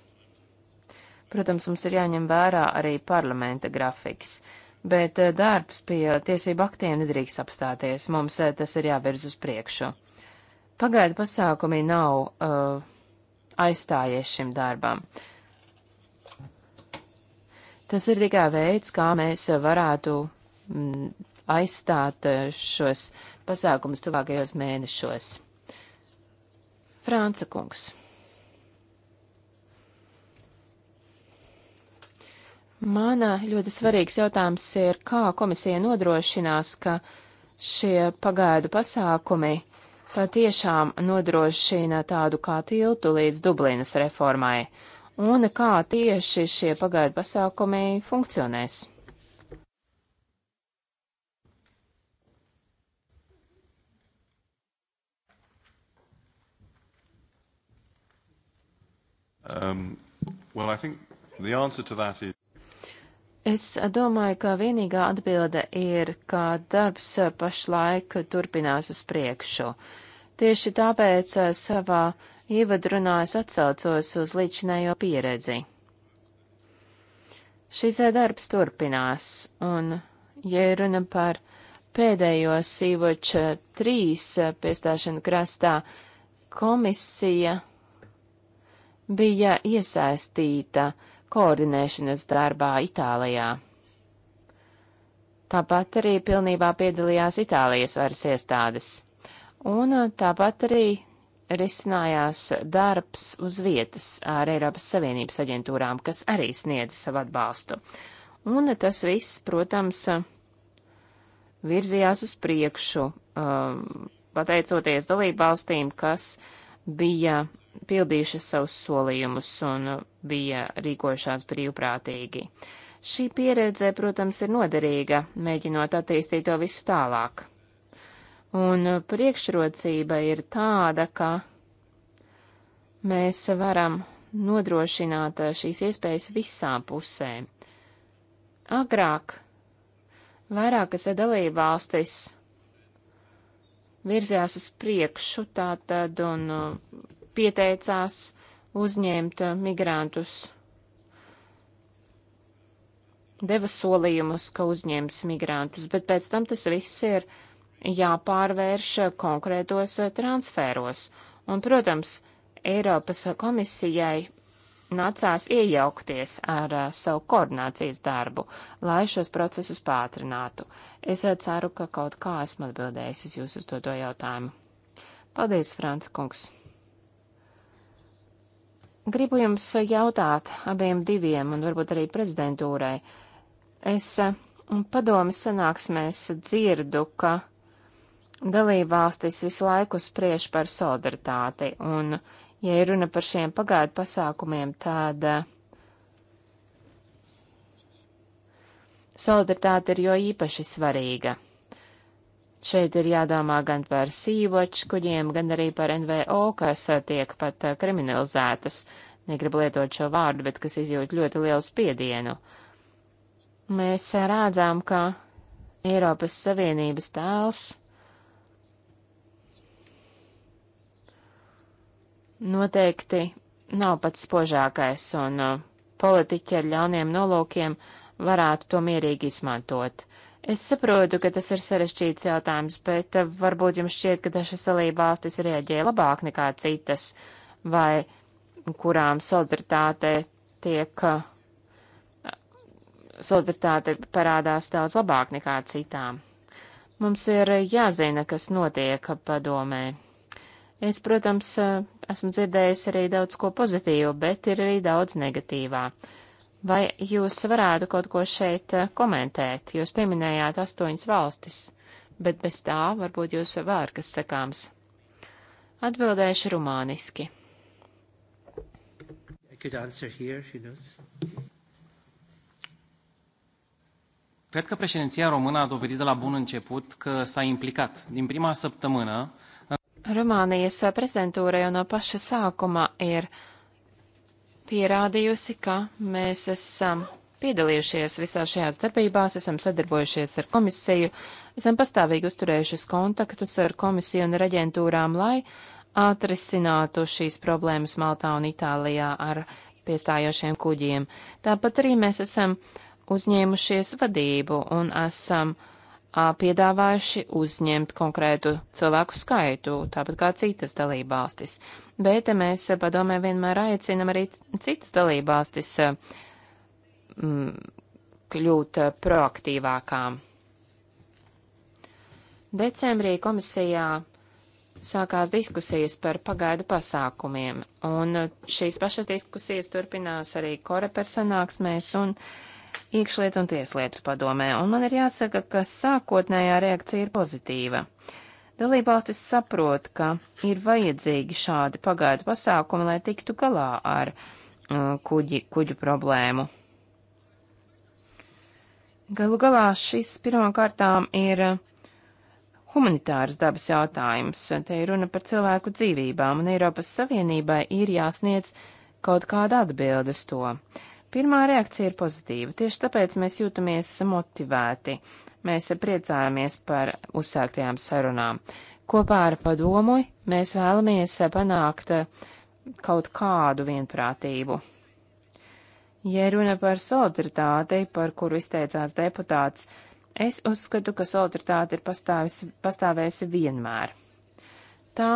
Protams, mums ir jāņem vērā arī parlamenta grafiks bet eh, darbs pie tiesību aktiem nedrīkst apstāties. Mums eh, tas ir jāvirz uz priekšu. Pagaidu pasākumi nav uh, aizstājies šim darbam. Tas ir tikai veids, kā mēs varētu mm, aizstāt uh, šos pasākumus tuvākajos mēnešos. Franca kungs. Mana ļoti svarīgs jautājums ir, kā komisija nodrošinās, ka šie pagaidu pasākumi patiešām nodrošina tādu kā tiltu līdz Dublinas reformai, un kā tieši šie pagaidu pasākumi funkcionēs. Um, well, I think the answer to that is Es domāju, ka vienīgā atbilde ir, ka darbs pašlaik turpinās uz priekšu. Tieši tāpēc eh, savā ievadrunā es atsaucos uz līdzinējo pieredzi. Šis eh, darbs turpinās, un, ja runa par pēdējo sīvoča trīs eh, piestāšanu krastā, komisija bija iesaistīta koordinēšanas darbā Itālijā. Tāpat arī pilnībā piedalījās Itālijas varas iestādes. Un uh, tāpat arī risinājās darbs uz vietas ar Eiropas Savienības aģentūrām, kas arī sniedz savu atbalstu. Un uh, tas viss, protams, uh, virzījās uz priekšu, um, pateicoties dalību valstīm, kas bija pildījušas savus solījumus un bija rīkojušās brīvprātīgi. Šī pieredze, protams, ir noderīga, mēģinot attīstīt to visu tālāk. Un priekšrocība ir tāda, ka mēs varam nodrošināt šīs iespējas visām pusēm. Agrāk vairākas dalībvalstis virzījās uz priekšu tātad un uh, pieteicās uzņemt eh, migrantus. Deva solījumus, ka uzņems migrantus, bet pēc tam tas viss ir jāpārvērš eh, konkrētos eh, transferos. Un, protams, Eiropas komisijai nācās iejaukties ar a, savu koordinācijas darbu, lai šos procesus pātrinātu. Es a, ceru, ka kaut kā esmu atbildējis uz jūsu uzdoto jautājumu. Paldies, Franca kungs! Gribu jums jautāt abiem diviem un varbūt arī prezidentūrai. Es mm, padomi sanāksmēs dzirdu, ka dalībvalstis visu laiku spriež par solidaritāti, un, ja ir runa par šiem pagaidu pasākumiem, tad eh, solidaritāte ir jo īpaši svarīga. Šeit ir jādomā gan par sīvoču kuģiem, gan arī par NVO, kas uh, tiek pat uh, kriminalizētas. Negribu lietot šo vārdu, bet kas izjūt ļoti lielu spiedienu. Mēs uh, rādzām, ka Eiropas Savienības tēls noteikti nav pats spožākais, un politiķi ar ļauniem nolūkiem varētu to mierīgi izmantot. Uh, Es saprotu, ka tas ir sarešķīts jautājums, bet eh, varbūt jums šķiet, ka dažas salība valstis rēģēja labāk nekā citas, vai kurām solidaritāte tiek, eh, solidaritāte parādās daudz labāk nekā citām. Mums ir jāzina, kas notiek padomē. Es, protams, eh, esmu dzirdējis arī daudz ko pozitīvu, bet ir arī daudz negatīvā. Uh, Vai jūs varētu kaut ko šeit eh, komentēt? Jūs pieminējāt astoņas valstis, bet bez tā varbūt jūs vēl ir kas sakāms. Atbildēšu rumāniski. Here, Cred că președinția română a dovedit de la bun început că s-a implicat. Din prima săptămână. Rumānijas prezidentūra jau no paša sākuma ir pierādījusi, ka mēs esam piedalījušies visā šajās darbībās, esam sadarbojušies ar komisiju, esam pastāvīgi uzturējušies kontaktus ar komisiju un ar aģentūrām, lai atrisinātu šīs problēmas Maltā un Itālijā ar piestājošiem kuģiem. Tāpat arī mēs esam uzņēmušies vadību un esam a, piedāvājuši uzņemt konkrētu cilvēku skaitu, tāpat kā citas dalībvalstis bet mēs eh, padomē vienmēr aicinam arī citas dalībvalstis eh, kļūt eh, proaktīvākām. Decembrī komisijā sākās diskusijas par pagaidu pasākumiem, un šīs pašas diskusijas turpinās arī korepersonāksmēs un iekšlietu un tieslietu padomē, un man ir jāsaka, ka sākotnējā reakcija ir pozitīva. Uh, Dalībvalstis saprot, ka ir vajadzīgi šādi pagaidu pasākumi, lai tiktu galā ar uh, kuģi, kuģu problēmu. Galu galā šis pirmām kārtām ir humanitāras dabas jautājums. Te ir runa par cilvēku dzīvībām, un Eiropas Savienībai ir jāsniedz kaut kāda atbilde uz to. Pirmā reakcija ir pozitīva, tieši tāpēc mēs jūtamies motivēti Mēs priecājamies par uzsāktajām sarunām. Kopā ar padomu mēs vēlamies panākt kaut kādu vienprātību. Ja runa par solidaritāti, par kuru izteicās deputāts, es uzskatu, ka solidaritāte ir pastāvējusi vienmēr. Tā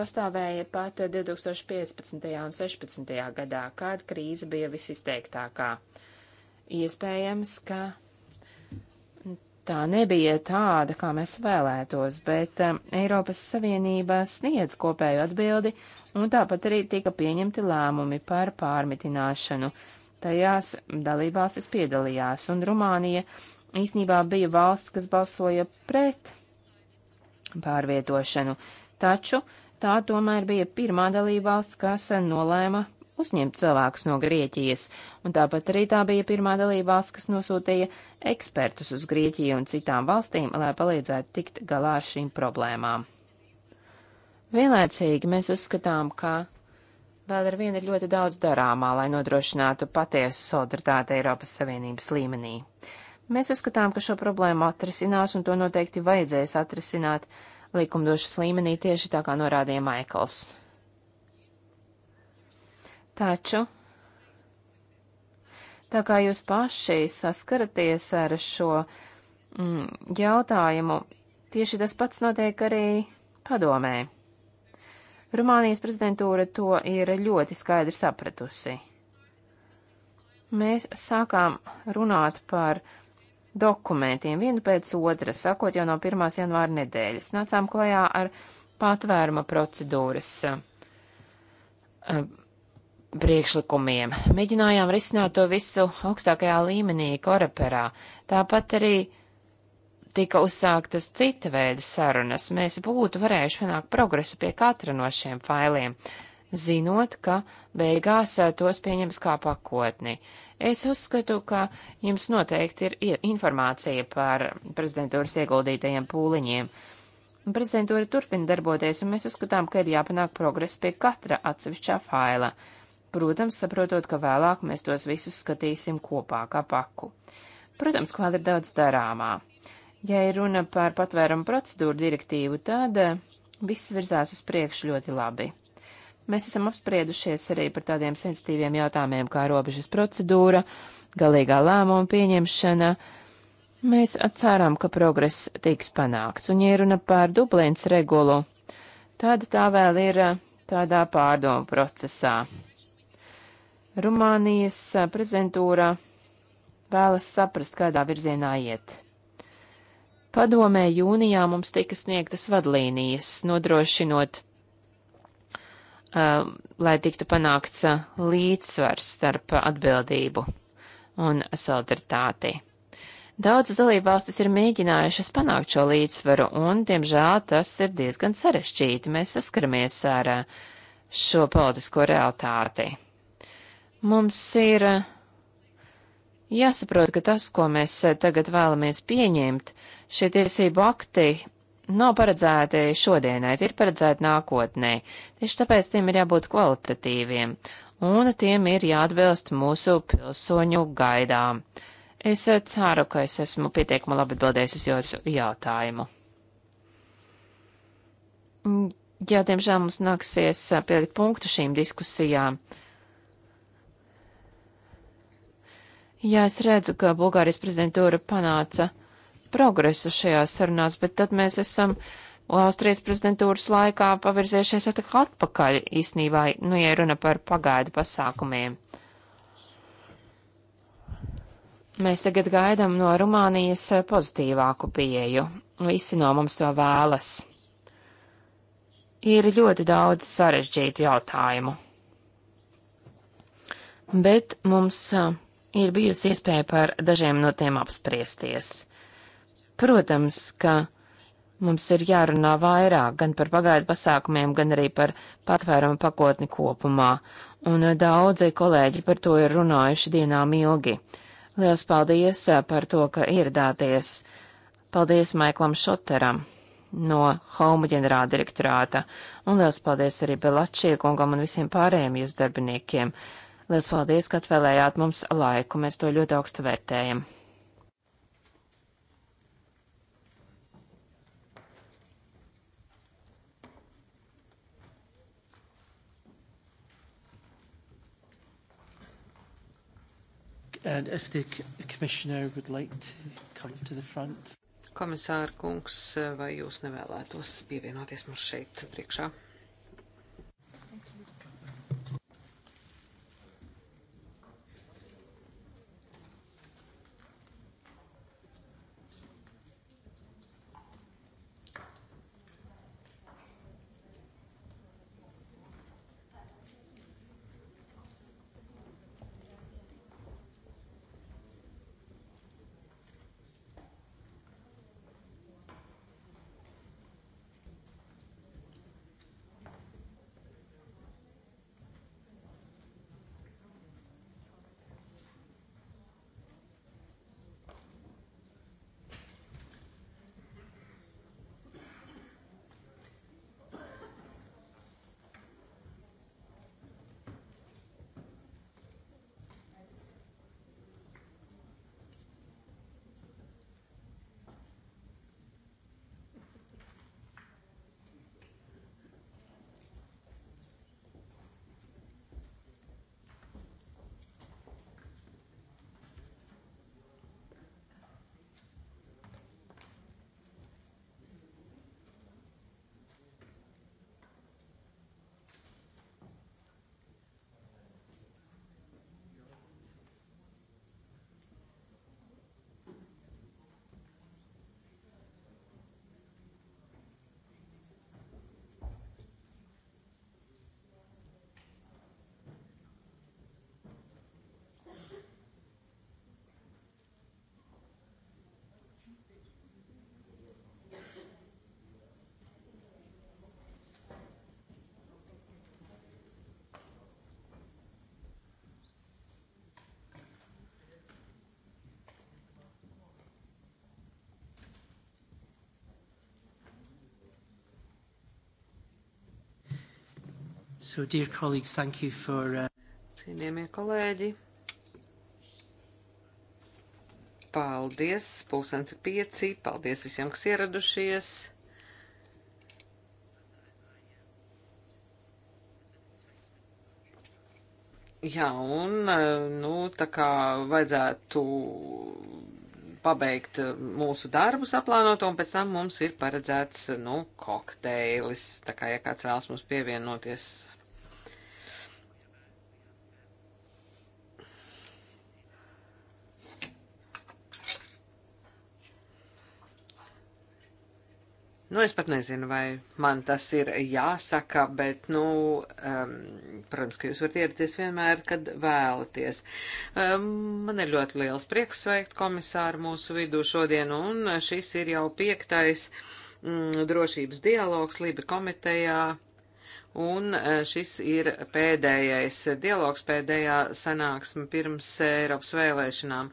pastāvēja pat 2015. un 2016. gadā, kad krīze bija visizteiktākā. Iespējams, ka tā nebija tāda, kā mēs vēlētos, bet um, Eiropas Savienība sniedz kopēju atbildi, un tāpat arī tika pieņemti lēmumi par pārmitināšanu. Tajās dalībvalstis piedalījās, un Rumānija īsnībā bija valsts, kas balsoja pret pārvietošanu, taču tā tomēr bija pirmā dalībvalsts, kas nolēma uzņemt cilvēkus no Grieķijas, un tāpat arī tā bija pirmā dalībās, kas nosūtīja ekspertus uz Grieķiju un citām valstīm, lai palīdzētu tikt galā ar šīm problēmām. Vienlaicīgi mēs uzskatām, ka vēl ar vienu ir ļoti daudz darāmā, lai nodrošinātu patiesu solidaritāti Eiropas Savienības līmenī. Mēs uzskatām, ka šo problēmu atrisinās, un to noteikti vajadzēs atrisināt likumdošas līmenī tieši tā kā norādīja Maikls. Taču, tā kā jūs paši saskaraties ar šo mm, jautājumu, tieši tas pats notiek arī padomē. Rumānijas prezidentūra to ir ļoti skaidri sapratusi. Mēs sākām runāt par dokumentiem vienu pēc otra, sakot jau no 1. janvāra nedēļas. Nācām klajā ar patvēruma procedūras eh, priekšlikumiem. Mēģinājām risināt to visu augstākajā līmenī, koreperā. Tāpat arī tika uzsāktas cita veida sarunas. Mēs būtu varējuši panākt progresu pie katra no šiem failiem, zinot, ka beigās eh, tos pieņems kā pakotni. Es uzskatu, ka jums noteikti ir informācija par prezidentūras ieguldītajiem pūliņiem. Prezidentūra turpina darboties, un mēs uzskatām, ka ir jāpanāk progress pie katra atsevišķā faila. Protams, saprotot, ka vēlāk mēs tos visus skatīsim kopā kā paku. Protams, ka vēl ir daudz darāmā. Ja ir runa par patvērumu procedūru direktīvu, tad eh, viss virzās uz priekšu ļoti labi. Mēs esam apspriedušies arī par tādiem sensitīviem jautājumiem kā robežas procedūra, galīgā lēmuma pieņemšana. Mēs atcērām, ka progress tiks panākts, un, ja runa par Dublīnas regulu, tad tā vēl ir eh, tādā pārdomu procesā. Rumānijas prezidentūra vēlas saprast, kādā virzienā iet. Padomē jūnijā mums tika sniegtas vadlīnijas, nodrošinot, um, lai tiktu panākts uh, līdzsvars starp atbildību un solidaritāti. Daudzas dalībvalstis ir mēģinājušas panākt šo līdzsvaru, un, diemžēl, tas ir diezgan sarežģīti. Mēs saskaramies ar uh, šo politisko realitāti. Mums ir eh, jāsaprot, ka tas, ko mēs eh, tagad vēlamies pieņemt, šie tiesību akti nav paredzēti šodienai, tie ir paredzēti nākotnē. Tieši tāpēc tiem ir jābūt kvalitatīviem, un tiem ir jāatbilst mūsu pilsoņu gaidām. Es eh, ceru, ka es esmu pietiekami labi atbildējis uz jūsu jautājumu. Mm, jā, diemžēl mums nāksies pielikt punktu šīm diskusijām. Jā, es redzu, ka Bulgārijas prezidentūra panāca progresu šajās sarunās, bet tad mēs esam Austrijas prezidentūras laikā pavirzējušies atkal atpakaļ īsnībā, nu, ja runa par pagaidu pasākumiem. Mēs tagad gaidām no Rumānijas pozitīvāku pieeju. Visi no mums to vēlas. Ir ļoti daudz sarežģītu jautājumu. Bet mums uh, ir bijusi iespēja par dažiem no tiem apspriesties. Protams, ka mums ir jārunā vairāk gan par pagaidu pasākumiem, gan arī par patvērumu pakotni kopumā, un daudzi kolēģi par to ir runājuši dienām ilgi. Liels paldies par to, ka ieradāties. Paldies Maiklam Šoteram no Home ģenerāla direktorāta, un liels paldies arī Belačie kungam un visiem pārējiem jūsu darbiniekiem. Lielas paldies, ka atvēlējāt mums laiku. Mēs to ļoti augstu vērtējam. And if the commissioner would like to come to the front. Komisāra kungs, vai jūs nevēlētos pievienoties mums šeit priekšā? So, dear colleagues, thank you for. Uh... Cienījamie kolēģi, paldies, pulsens ir pieci, paldies visiem, kas ieradušies. Jā, un, uh, nu, tā kā vajadzētu pabeigt uh, mūsu darbus aplānoto, un pēc tam mums ir paredzēts, uh, nu, kokteilis, tā kā, ja kāds vēlas mums pievienoties Nu, es pat nezinu, vai man tas ir jāsaka, bet, nu, um, protams, ka jūs varat ierties vienmēr, kad vēlaties. Um, man ir ļoti liels prieks sveikt komisāru mūsu vidū šodien, un šis ir jau piektais mm, drošības dialogs Libi komitejā, un e, šis ir pēdējais dialogs, pēdējā sanāksme pirms Eiropas vēlēšanām,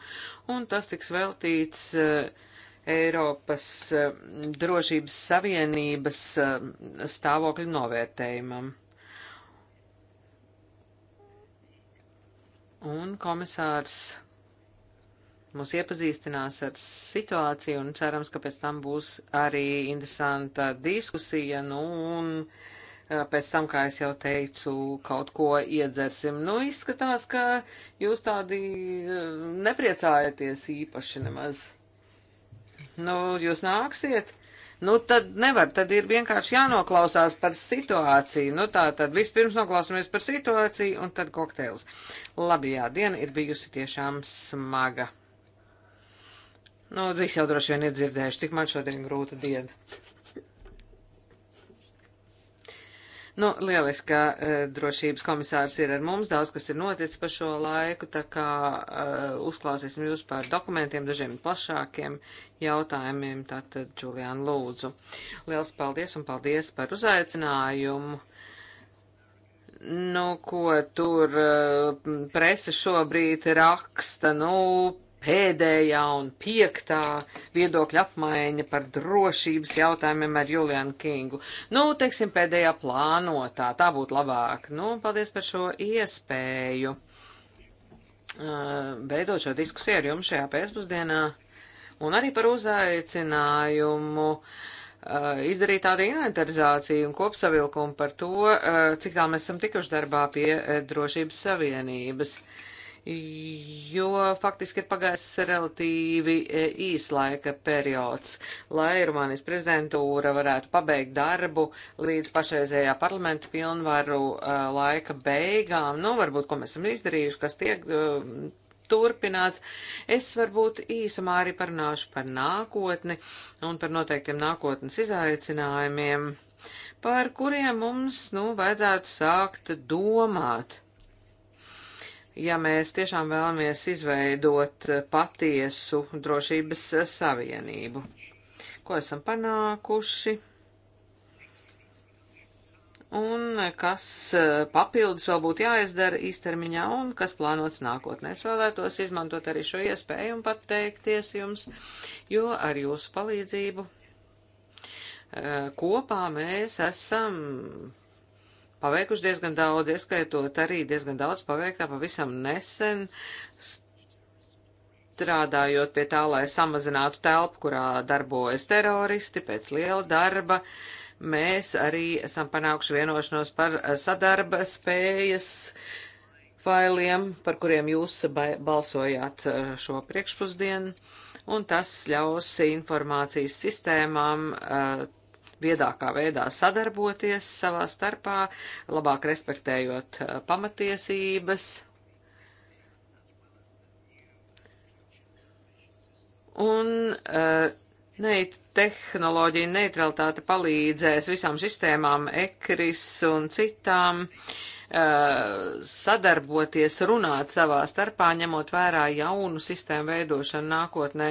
un tas tiks veltīts. Uh, Eiropas eh, drošības savienības eh, stāvokļa novērtējumam. Un komisārs mūs iepazīstinās ar situāciju un cerams, ka pēc tam būs arī interesanta diskusija. Nu, un eh, pēc tam, kā es jau teicu, kaut ko iedzersim. Nu, izskatās, ka jūs tādi nepriecājaties īpaši nemaz nu, jūs nāksiet? Nu, tad nevar, tad ir vienkārši jānoklausās par situāciju. Nu, tā tad vispirms noklausāmies par situāciju un tad kokteils. Labi, jā, diena ir bijusi tiešām smaga. Nu, visi jau droši vien ir dzirdējuši, cik man šodien grūta diena. Nu, lieliski, ka uh, e, drošības komisārs ir ar mums, daudz kas ir noticis pa šo laiku, tā kā uh, uzklausīsim jūs par dokumentiem, dažiem plašākiem jautājumiem, tātad Džuliāna lūdzu. Liels paldies un paldies par uzaicinājumu. Nu, ko tur uh, presa šobrīd raksta, nu, pēdējā un piektā viedokļa apmaiņa par drošības jautājumiem ar Julianu Kingu. Nu, teiksim, pēdējā plānotā, tā būtu labāk. Nu, paldies par šo iespēju veidot uh, šo diskusiju ar jums šajā pēcpusdienā un arī par uzaicinājumu uh, izdarīt tādu inventarizāciju un kopsavilkumu par to, uh, cik tālu mēs esam tikuši darbā pie drošības savienības. Uh, jo faktiski ir pagājis relatīvi e, īs laika periods, lai Rumānijas prezidentūra varētu pabeigt darbu līdz pašreizējā parlamenta pilnvaru e, laika beigām. Nu, varbūt, ko mēs esam izdarījuši, kas tiek e, turpināts. Es varbūt īsumā arī parunāšu par nākotni un par noteiktiem nākotnes izaicinājumiem, par kuriem mums, nu, vajadzētu sākt domāt ja mēs tiešām vēlamies izveidot patiesu drošības savienību. Ko esam panākuši? Un kas papildus vēl būtu jāizdara īstermiņā un kas plānots nākotnē. Es vēlētos izmantot arī šo iespēju un pateikties jums, jo ar jūsu palīdzību eh, kopā mēs esam paveikuši diezgan daudz, ieskaitot arī diezgan daudz paveiktā pavisam nesen, strādājot pie tā, lai samazinātu telpu, kurā darbojas teroristi pēc liela darba. Mēs arī esam panākuši vienošanos par sadarba spējas failiem, par kuriem jūs balsojāt eh, šo priekšpusdienu, un tas ļaus informācijas sistēmām uh, viedākā veidā sadarboties savā starpā, labāk respektējot eh, pamatiesības. Un uh, neit, tehnoloģija neutralitāte palīdzēs visām sistēmām, ekris un citām uh, Eh, sadarboties, runāt savā starpā, ņemot vērā jaunu sistēmu veidošanu nākotnē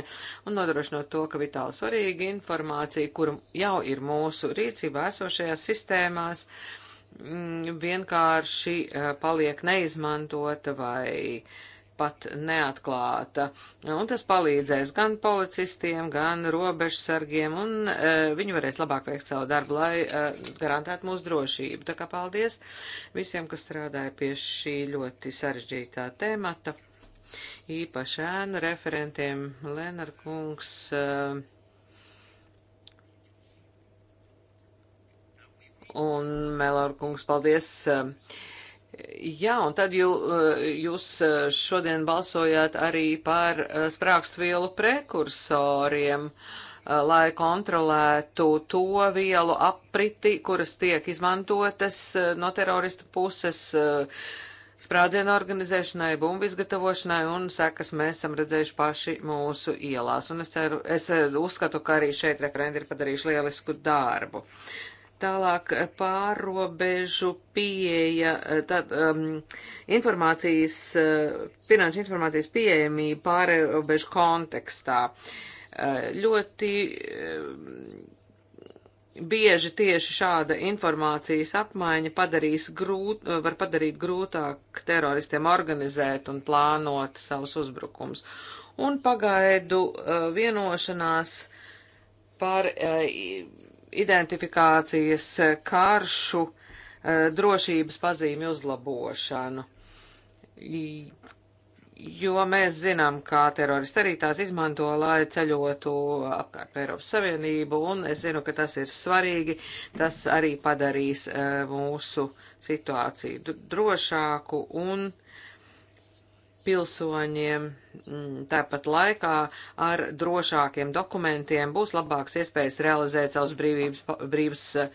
un nodrošinot to, ka vitāli svarīga informācija, kur jau ir mūsu rīcībā esošajās sistēmās, mm, vienkārši eh, paliek neizmantota vai uh, pat neatklāta. Un tas palīdzēs gan policistiem, gan robežsargiem, un uh, viņi varēs labāk veikt savu darbu, lai uh, garantētu mūsu drošību. Tā kā paldies visiem, kas strādāja pie šī ļoti sarežģītā temata, īpaši ēnu referentiem Lenar Kungs. Uh, un Melor Kungs, paldies. Uh, Jā, un tad jū, e, jūs e, šodien balsojāt arī par e, sprākstvielu prekursoriem, lai kontrolētu to vielu apriti, kuras tiek izmantotas no terorista puses sprādzienu organizēšanai, bumbu izgatavošanai, un sekas mēs esam redzējuši paši mūsu ielās. Un es, ceru, es uzskatu, ka arī šeit referenti ir padarījuši lielisku darbu. Uh, Tālāk eh, pārobežu pieeja, eh, tad um, informācijas, eh, finanšu informācijas pieejamība pārobežu kontekstā. Ļoti bieži tieši šāda informācijas apmaiņa padarīs grūt, var padarīt grūtāk teroristiem organizēt un plānot savus uzbrukums. Un pagaidu vienošanās par identifikācijas karšu eh, drošības pazīmju uzlabošanu. Jo mēs zinām, kā teroristi arī tās izmanto, lai ceļotu apkārt Eiropas Savienību, un es zinu, ka tas ir svarīgi. Tas arī padarīs eh, mūsu situāciju drošāku un pilsoņiem mm, tāpat laikā ar drošākiem dokumentiem būs labāks iespējas realizēt savus brīvības, brīvas eh,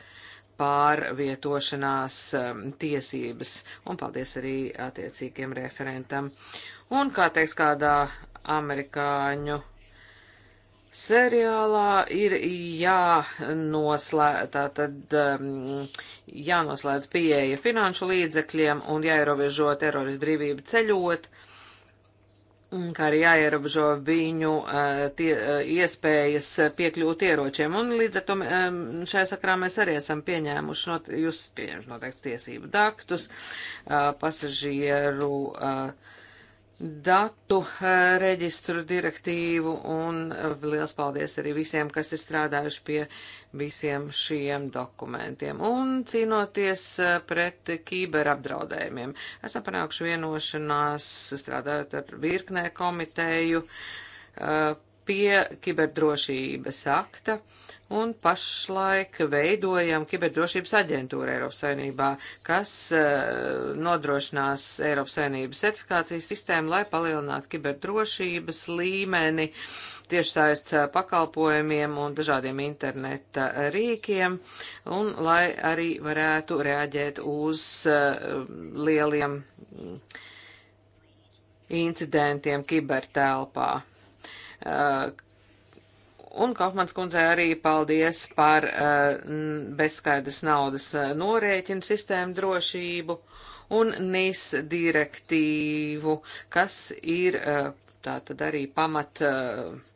pārvietošanās eh, tiesības. Un paldies arī attiecīgiem referentam. Un, kā teiks kādā amerikāņu seriālā, ir jānoslēdz, tātad ehm, jānoslēdz pieeja finanšu līdzekļiem un jāierobežo teroristu brīvību ceļot kā arī jāierobežo viņu eh, tie, eh, iespējas piekļūt ieročiem. Un līdz ar to šajā sakrā mēs arī esam pieņēmuši, not, jūs pieņemt noteikti tiesību daktus, eh, pasažieru uh, datu eh, reģistru direktīvu un eh, liels paldies arī visiem, kas ir strādājuši pie visiem šiem dokumentiem. Un cīnoties eh, pret kiberapdraudējumiem, esam panākuši vienošanās strādājot ar virknē komiteju pie kiberdrošības akta. Uh, un pašlaik veidojam kiberdrošības aģentūru Eiropas Savienībā, kas uh, nodrošinās Eiropas Savienības certifikācijas sistēmu, lai palielinātu kiberdrošības līmeni tiešsaists pakalpojumiem un dažādiem interneta rīkiem, un lai arī varētu reaģēt uz uh, lieliem mm, incidentiem kibertelpā. Uh, Un Kaufmans kundzei arī paldies par uh, bezskaidras naudas eh, norēķinu sistēmu drošību un NIS direktīvu, kas ir uh, eh, tātad arī pamat uh,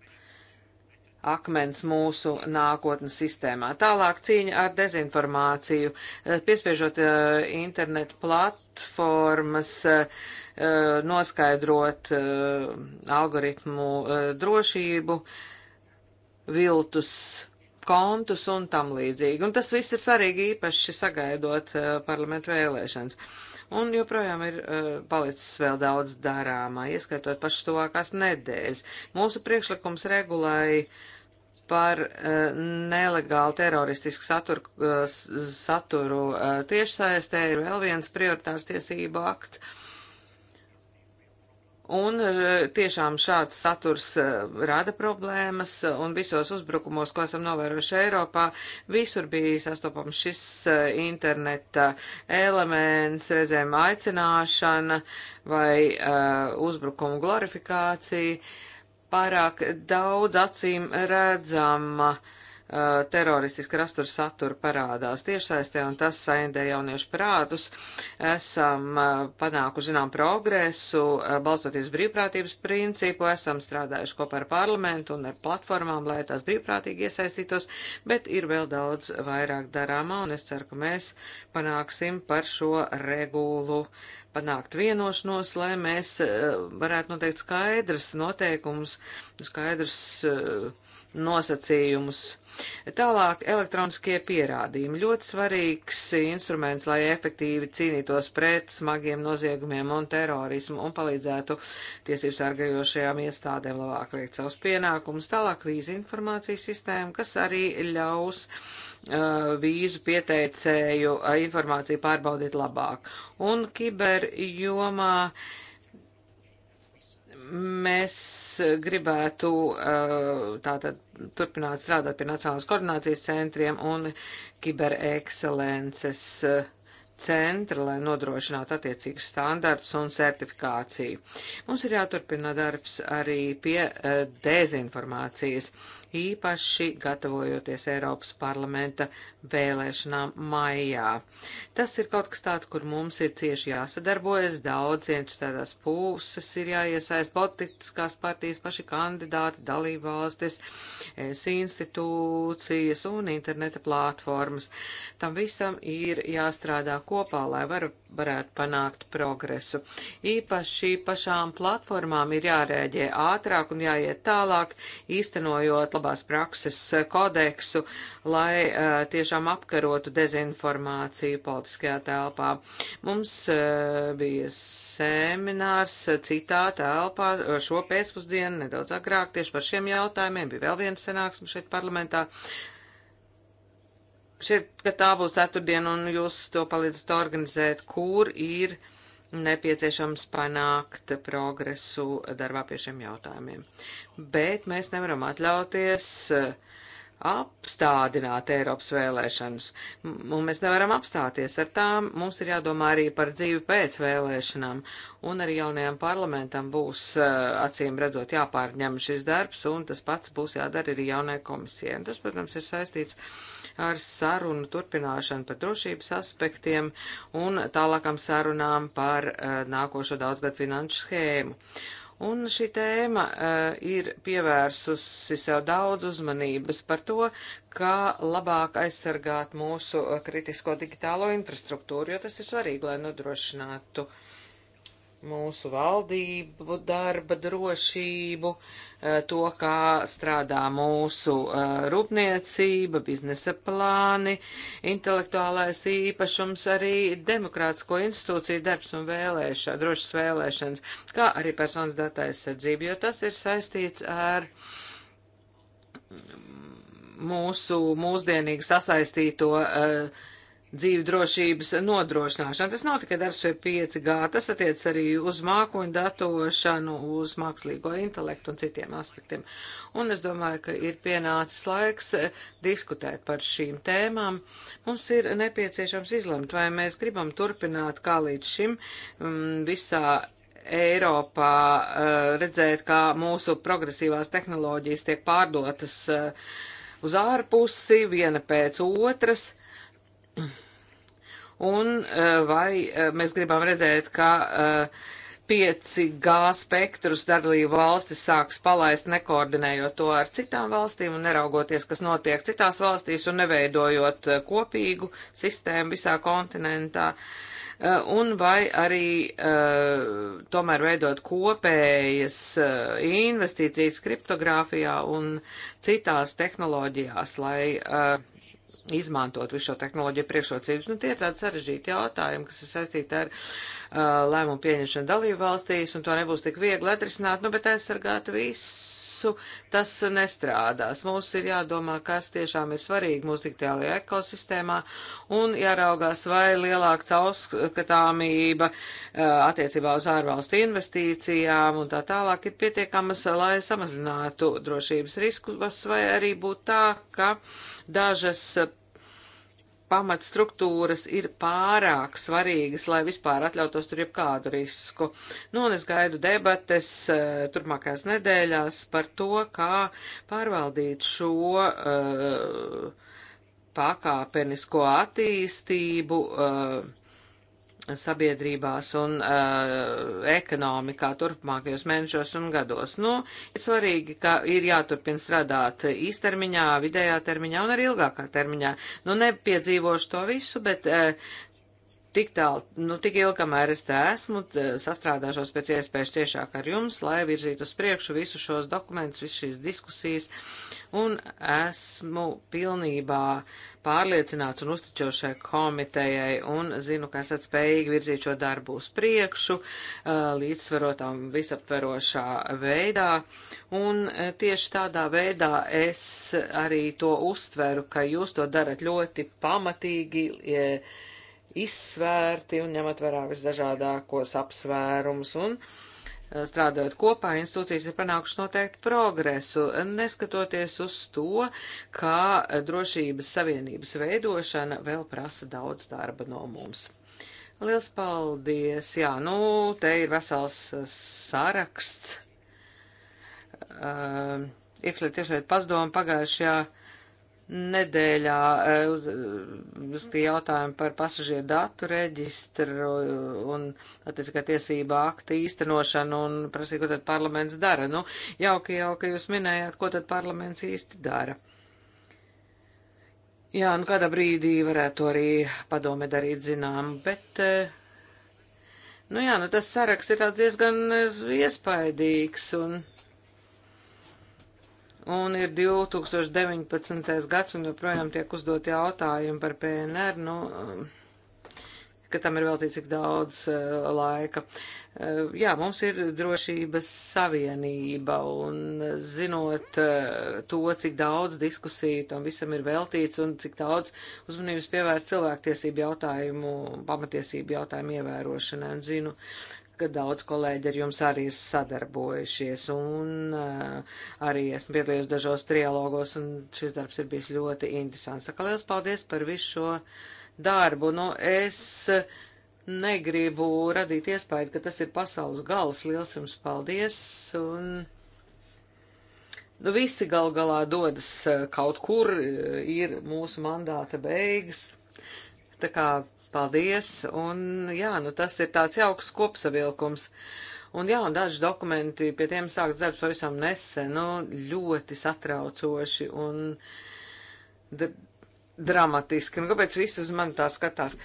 akmens mūsu nākotnes sistēmā. Tālāk cīņa ar dezinformāciju, piespiežot internetu platformas, noskaidrot algoritmu drošību, viltus kontus un tam līdzīgi. Un tas viss ir svarīgi īpaši sagaidot uh, parlamentu vēlēšanas. Un joprojām ir uh, palicis vēl daudz darāmā, ieskaitot pašas tuvākās nedēļas. Mūsu priekšlikums regulai par uh, nelegālu teroristisku saturu, uh, saturu uh, tiešsaistē ir vēl viens prioritārs tiesību akts. Uh, Un e, tiešām šāds saturs e, rada problēmas, e, un visos uzbrukumos, ko esam novērojuši Eiropā, visur bija sastopams šis interneta elements, reizēm aicināšana vai uh, uzbrukumu glorifikācija, pārāk daudz acīm redzama. Uh, Eh, teroristiska rakstura satura parādās tiešsaistē, un tas saindē jauniešu prātus. Esam eh, panākuši zinām progresu, eh, balstoties brīvprātības principu, esam strādājuši kopā ar parlamentu un ar platformām, lai tās brīvprātīgi iesaistītos, bet ir vēl daudz vairāk darāmā, un es ceru, ka mēs panāksim par šo regulu panākt vienošanos, lai mēs varētu noteikt skaidrs noteikums, skaidrs uh, nosacījumus. Tālāk elektroniskie pierādījumi. Ļoti svarīgs instruments, lai efektīvi cīnītos pret smagiem noziegumiem un terorismu un palīdzētu tiesību sārgajošajām iestādēm labāk veikt savus pienākumus. Tālāk vīzi informācijas sistēma, kas arī ļaus uh, vīzu pieteicēju uh, informāciju pārbaudīt labāk. Un kiberjomā. Uh, Mēs gribētu eh, tātad turpināt strādāt pie Nacionālas koordinācijas centriem un kiberekscelences eh, centra, lai nodrošinātu attiecīgus standartus un certifikāciju. Mums ir jāturpina darbs arī pie eh, dezinformācijas. Uh, īpaši gatavojoties Eiropas parlamenta vēlēšanām maijā. Tas ir kaut kas tāds, kur mums ir cieši jāsadarbojas, daudz interesētās puses ir jāiesaist politiskās partijas, paši kandidāti, dalībvalstis, es institūcijas un interneta platformas. Tam visam ir jāstrādā kopā, lai var, varētu panākt progresu. Īpaši pašām platformām ir jārēģē ātrāk un jāiet tālāk, īstenojot labās prakses eh, kodeksu, lai uh, tiešām apkarotu dezinformāciju politiskajā telpā. Mums uh, bija seminārs citā telpā šo pēcpusdienu, nedaudz agrāk tieši par šiem jautājumiem, bija vēl viena sanāksme šeit parlamentā. Šeit, ka tā būs ceturtdiena un jūs to palīdzat organizēt, kur ir uh, nepieciešams panākt progresu darbā pie šiem jautājumiem. Bet mēs nevaram atļauties eh, apstādināt Eiropas vēlēšanas, un mēs nevaram apstāties ar tām. Mums ir jādomā arī par dzīvi pēc vēlēšanām, un arī jaunajam parlamentam būs eh, acīm redzot jāpārņem šis darbs, un tas pats būs jādara arī jaunai komisijai. Un tas, protams, ir saistīts ar sarunu turpināšanu par drošības aspektiem un tālākam sarunām par uh, nākošo daudzgad finanšu schēmu. Un šī tēma uh, ir pievērsusi sev daudz uzmanības par to, kā labāk aizsargāt mūsu eh, kritisko digitālo infrastruktūru, jo tas ir svarīgi, lai nodrošinātu uh, mūsu valdību darba drošību, eh, to, kā strādā mūsu eh, rūpniecība, biznesa plāni, intelektuālais īpašums, arī demokrātisko institūciju darbs un vēlēšana, drošas vēlēšanas, kā arī personas data aizsardzība, jo tas ir saistīts ar mūsu mūsdienīgi sasaistīto uh, dzīvi drošības nodrošināšana. Tas nav tikai darbs pie 5G, tas attiec arī uz mākoņu datošanu, uz mākslīgo intelektu un citiem aspektiem. Un es domāju, ka ir pienācis laiks eh, diskutēt par šīm tēmām. Mums ir nepieciešams izlemt, vai mēs gribam turpināt kā līdz šim mm, visā Eiropā eh, redzēt, kā mūsu progresīvās tehnoloģijas tiek pārdotas eh, uz ārpusi viena pēc otras Un eh, vai eh, mēs gribam redzēt, ka 5G eh, spektrus darbību valstis sāks palaist, nekoordinējot to ar citām valstīm un neraugoties, kas notiek citās valstīs un neveidojot kopīgu sistēmu visā kontinentā. Un vai arī tomēr veidot kopējas investīcijas kriptogrāfijā un citās tehnoloģijās, lai izmantot visu šo tehnoloģiju priekšrocības. Nu, tie ir tādi sarežģīti jautājumi, kas ir saistīti ar uh, lēmumu pieņemšanu dalību valstīs, un to nebūs tik viegli atrisināt, nu, bet aizsargāt visus visu tas nestrādās. Mums ir jādomā, kas tiešām ir svarīgi mūsu digitālajā ekosistēmā un jāraugās, vai lielāka caurskatāmība eh, attiecībā uz ārvalstu investīcijām un tā tālāk ir pietiekamas, lai samazinātu drošības riskus, vai arī būtu tā, ka dažas pamatstruktūras ir pārāk svarīgas, lai vispār atļautos tur jebkādu risku. Nu, un es gaidu debates eh, turpmākajās nedēļās par to, kā pārvaldīt šo uh, pakāpenisko attīstību. Uh, sabiedrībās un uh, ekonomikā turpmākajos mēnešos un gados. Nu, ir svarīgi, ka ir jāturpina strādāt īstermiņā, vidējā termiņā un arī ilgākā termiņā. Nu, nepiedzīvošu to visu, bet uh, tik tālu, nu, tik ilgi, kamēr es te esmu, sastrādāšos pēc iespējas ciešāk ar jums, lai virzītu uz priekšu visus šos dokumentus, visu šīs diskusijas, un esmu pilnībā uh, pārliecināts un uzticos šai komitejai un zinu, ka esat spējīgi virzīt šo darbu uz priekšu līdzsvarotām visaptverošā veidā. Un tieši tādā veidā es arī to uztveru, ka jūs to darat ļoti pamatīgi. Ja izsvērti un ņemat vērā visdažādākos apsvērumus. Un Eh, strādājot kopā, institūcijas ir panākušas noteikti progresu, neskatoties uz to, kā eh, drošības savienības veidošana vēl prasa daudz darba no mums. Liels paldies! Jā, nu, te ir vesels eh, saraksts. Uh, Iekšliet tiešliet pasdomu pagājušajā. Jā nedēļā e, uzskatīja e, jautājumu par pasažieru datu reģistru un attiecīgā tiesība akta īstenošanu un prasīja, ko tad parlaments dara. Nu, jauki jau, ka jūs minējāt, ko tad parlaments īsti dara. Jā, nu kādā brīdī varētu arī padome darīt zinām, bet. E, nu jā, nu tas saraksts ir tāds diezgan iespaidīgs un Un ir 2019. gads, un joprojām tiek uzdot jautājumi par PNR, nu, ka tam ir veltīts tik daudz uh, laika. Uh, jā, mums ir drošības savienība, un eh, zinot uh, to, cik daudz diskusiju tam visam ir veltīts, un cik daudz uzmanības pievērst cilvēktiesību jautājumu, pamatiesību jautājumu ievērošanai, un zinu, uh, ka daudz kolēģi ar jums arī sadarbojušies un uh, arī esmu piedalījies dažos trialogos un šis darbs ir bijis ļoti interesants. Saka, liels paldies par visu šo darbu. Nu, es negribu radīt iespēju, ka tas ir pasaules gals. Liels jums paldies un. Nu, visi gal galā dodas eh, kaut kur, eh, ir mūsu mandāta beigas. Tā kā Paldies, un jā, nu tas ir tāds jauks kopsavilkums. Un jā, un daži dokumenti pie tiem sāks darbs pavisam nesen, nu, ļoti satraucoši un dramatiski. Nu, kāpēc visi uz mani tā skatās?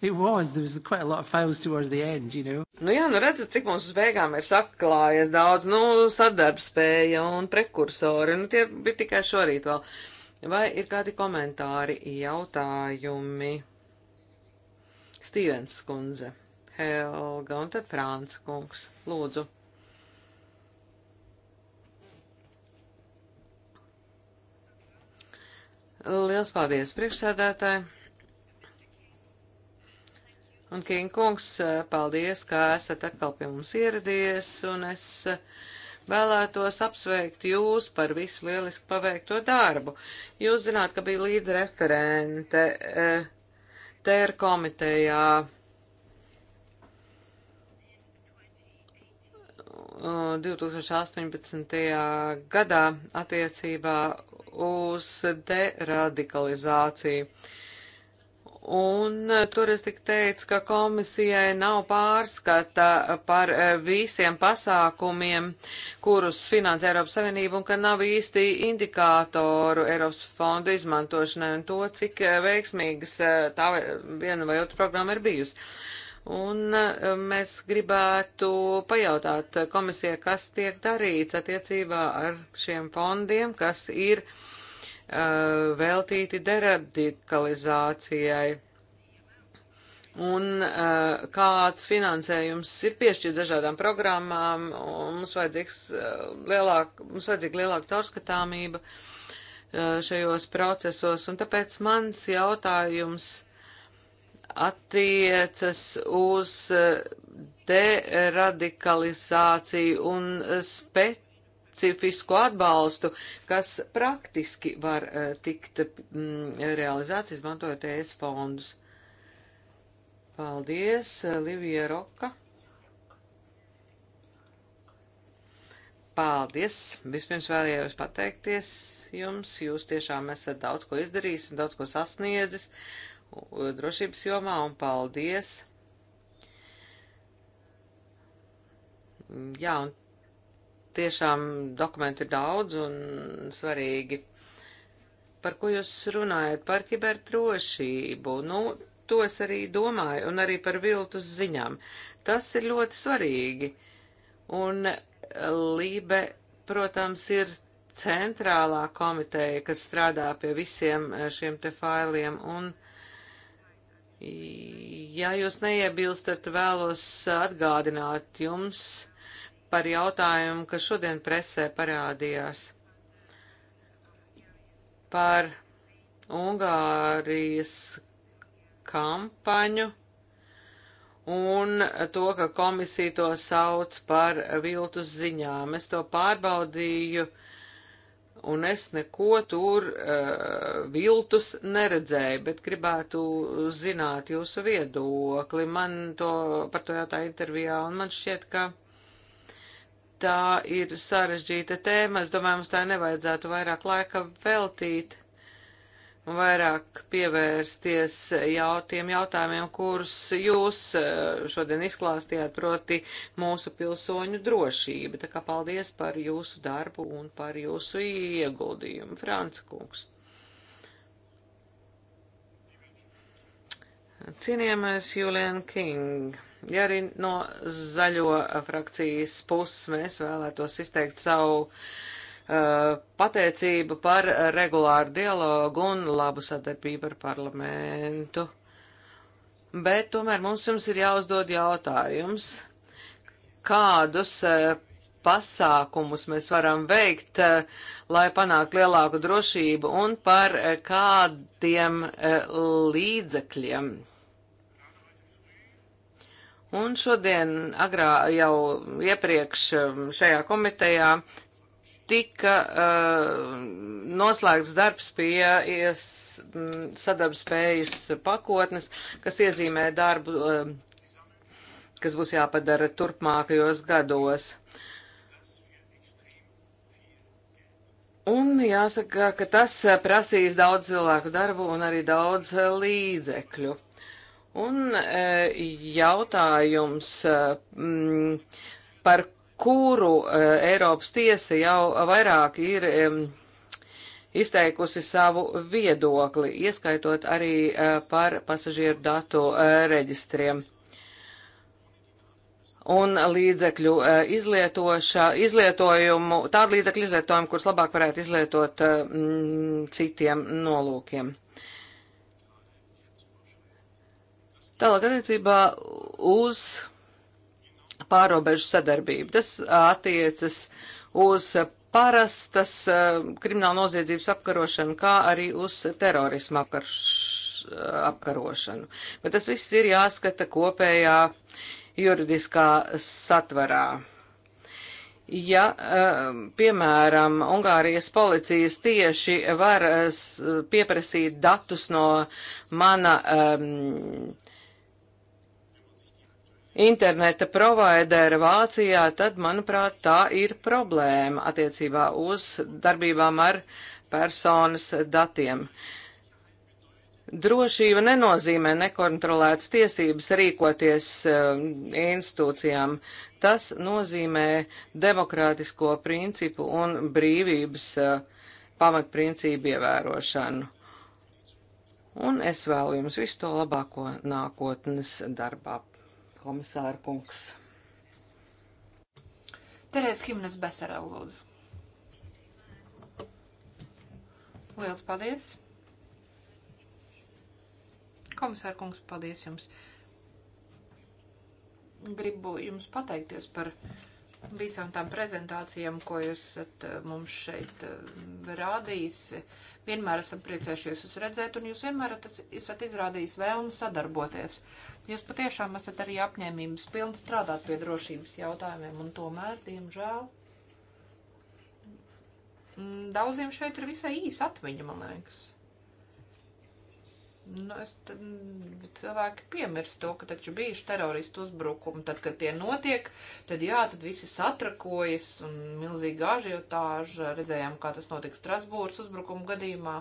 It was. There was quite a lot of files towards the end, you know. Nu jā, nu redzat, cik mums uz beigām ir saklājies daudz, nu, sadarbspēja un prekursori, nu tie bija tikai šorīt vēl. Vai ir kādi komentāri, jautājumi? Stīvens kundze, Helga un tad Frāns kungs. Lūdzu. Liels paldies priekšsēdētāji. Un, King kungs, paldies, ka esat atkal pie mums ieradies, un es vēlētos apsveikt jūs par visu lieliski paveikto darbu. Jūs zināt, ka bija līdz referente. Eh, ITER komitejā. Uh, 2018. gadā attiecībā uz deradikalizāciju. Uh, Un eh, tur es tik teicu, ka komisijai nav pārskata eh, par eh, visiem pasākumiem, kurus finansē Eiropas Savienība, un ka nav īsti indikātoru Eiropas fondu izmantošanai un to, cik veiksmīgas tā viena vai otra programma ir bijusi. Un mēs gribētu pajautāt komisijai, kas tiek darīts attiecībā ar šiem fondiem, kas ir uh, Eh, veltīti deradikalizācijai un uh, kāds finansējums ir piešķirts dažādām programmām, un mums, uh, lielāk, mums vajadzīga lielāka caurskatāmība uh, šajos procesos, un tāpēc mans jautājums attiecas uz deradikalizāciju un spēt specifisku atbalstu, kas praktiski var e, tikt mm, realizēts izmantojot ES fondus. Paldies, e, Livija Roka. Paldies! Vispirms vēlējos pateikties jums. Jūs tiešām esat daudz ko izdarījis un daudz ko sasniedzis drošības jomā un paldies! Jā, un Tiešām dokumentu ir daudz un svarīgi. Par ko jūs runājat? Par kiberdrošību. Nu, to es arī domāju, un arī par viltus ziņām. Tas ir ļoti svarīgi. Un Lībe, protams, ir centrālā komiteja, kas strādā pie visiem eh, šiem te failiem, un, ja jūs neiebilstat, vēlos atgādināt jums, par jautājumu, kas šodien presē parādījās par Ungārijas kampaņu un to, ka komisija to sauc par viltus ziņām. Es to pārbaudīju un es neko tur uh, viltus neredzēju, bet gribētu zināt jūsu viedokli. Man to par to jautāja intervijā un man šķiet, ka tā ir sarežģīta tēma. Es domāju, mums tā nevajadzētu vairāk laika veltīt un vairāk pievērsties jau tiem jautājumiem, kurus jūs eh, šodien izklāstījāt, proti mūsu pilsoņu drošību. Tā kā paldies par jūsu darbu un par jūsu ieguldījumu, Franca kungs. Cienījamais Julian King. Ja arī no zaļo frakcijas puses mēs vēlētos izteikt savu uh, pateicību par regulāru dialogu un labu sadarbību ar parlamentu. Bet tomēr mums jums ir jāuzdod jautājums, kādus uh, pasākumus mēs varam veikt, uh, lai panāktu lielāku drošību un par uh, kādiem uh, līdzekļiem Un šodien agrā jau iepriekš um, šajā komitejā tika uh, noslēgts darbs pie ies, sadarbspējas pakotnes, kas iezīmē darbu, uh, kas būs jāpadara turpmākajos gados. Un jāsaka, ka tas uh, prasīs daudz cilvēku darbu un arī daudz uh, līdzekļu. Un e, jautājums e, par kuru e, Eiropas tiesa jau vairāk ir izteikusi savu viedokli, ieskaitot arī par pasažieru datu reģistriem. Un līdzekļu izlietojumu, tādu līdzekļu izlietojumu, kurus labāk varētu izlietot mm, citiem nolūkiem. Tālāk attiecībā uz pārobežu sadarbību. Tas attiecas uz parastas eh, krimināla noziedzības apkarošanu, kā arī uz terorismu apkarš, eh, apkarošanu. Bet tas viss ir jāskata kopējā juridiskā satvarā. Ja, eh, piemēram, Ungārijas policijas tieši var pieprasīt datus no mana um, interneta provaidera Vācijā, tad, manuprāt, tā ir problēma attiecībā uz darbībām ar personas datiem. Drošība nenozīmē nekontrolētas tiesības rīkoties uh, institūcijām. Tas nozīmē demokrātisko principu un brīvības uh, pamatprincipu ievērošanu. Un es vēlu jums visu to labāko nākotnes darbā komisāra kungs. Terēs Himnes Beserē, lūdzu. Liels paldies! Komisāra kungs, paldies jums! Gribu jums pateikties par visām tām prezentācijām, ko jūs esat eh, mums šeit eh, rādījis. Uh, Vienmēr esam priecējušies jūs redzēt, un jūs vienmēr esat izrādījis vēlmu sadarboties. Jūs patiešām esat arī apņēmības pilni strādāt pie drošības jautājumiem, un tomēr, diemžēl, mm, daudziem šeit ir visai īsa atmiņa, man liekas. Nu, es tad, cilvēki piemirst to, ka taču bijuši teroristu uzbrukumi. Tad, kad tie notiek, tad jā, tad visi satrakojas un milzīgi ažiotāža. Redzējām, kā tas notika Strasbūras uzbrukuma gadījumā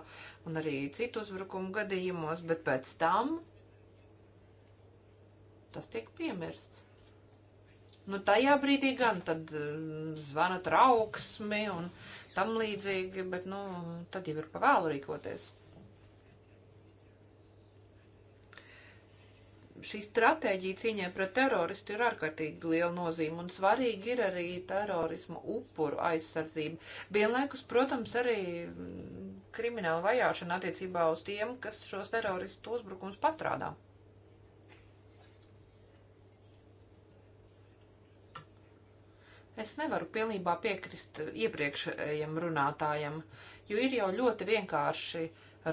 un arī citu uzbrukumu gadījumos, bet pēc tam tas tiek piemirsts. Nu, tajā brīdī gan tad mm, zvana trauksmi un tam līdzīgi, bet, nu, tad jau ir pavēlu rīkoties. šī stratēģija cīņai pret teroristu ir ārkārtīgi liela nozīme un svarīgi ir arī terorisma upuru aizsardzība. Vienlaikus, protams, arī mm, krimināla vajāšana attiecībā uz tiem, kas šos teroristu uzbrukums pastrādā. Es nevaru pilnībā piekrist iepriekšējiem runātājiem, jo ir jau ļoti vienkārši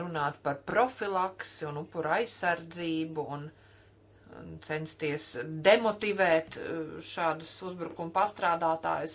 runāt par profilaksi un upura aizsardzību un uh, censties demotivēt eh, šādus uzbrukumu pastrādātājus,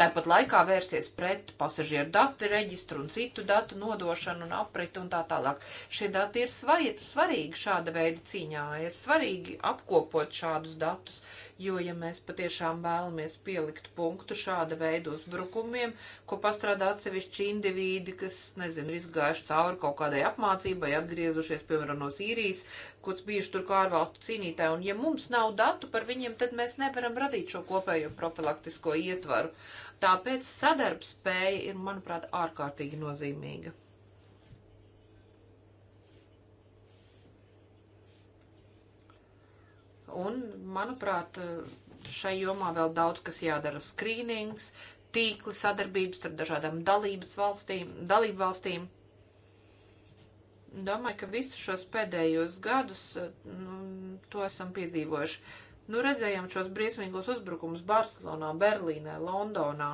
tāpat laikā vērsties pret pasažieru datu reģistru un citu datu nodošanu un apritu un tā tālāk. Šie dati ir svajiet, svarīgi šāda veida cīņā, ir svarīgi apkopot šādus datus, jo, ja mēs patiešām vēlamies pielikt punktu šāda veida uzbrukumiem, ko pastrādā atsevišķi indivīdi, kas, nezinu, izgājuši cauri kaut kādai apmācībai, atgriezušies, piemēram, no Sīrijas, kurš bijuši tur kā ārvalstu cīnītāji, un ja mums nav datu par viņiem, tad mēs nevaram radīt šo kopējo profilaktisko ietvaru. Tāpēc sadarbspēja ir, manuprāt, ārkārtīgi nozīmīga. Un, manuprāt, šai jomā vēl daudz kas jādara. Skrīnings, tīkli sadarbības starp dažādām dalības valstīm, dalību valstīm. Domāju, ka visus šos pēdējos gadus nu, to esam piedzīvojuši. Nu, redzējām šos briesmīgos uzbrukumus Barcelonā, Berlīnē, Londonā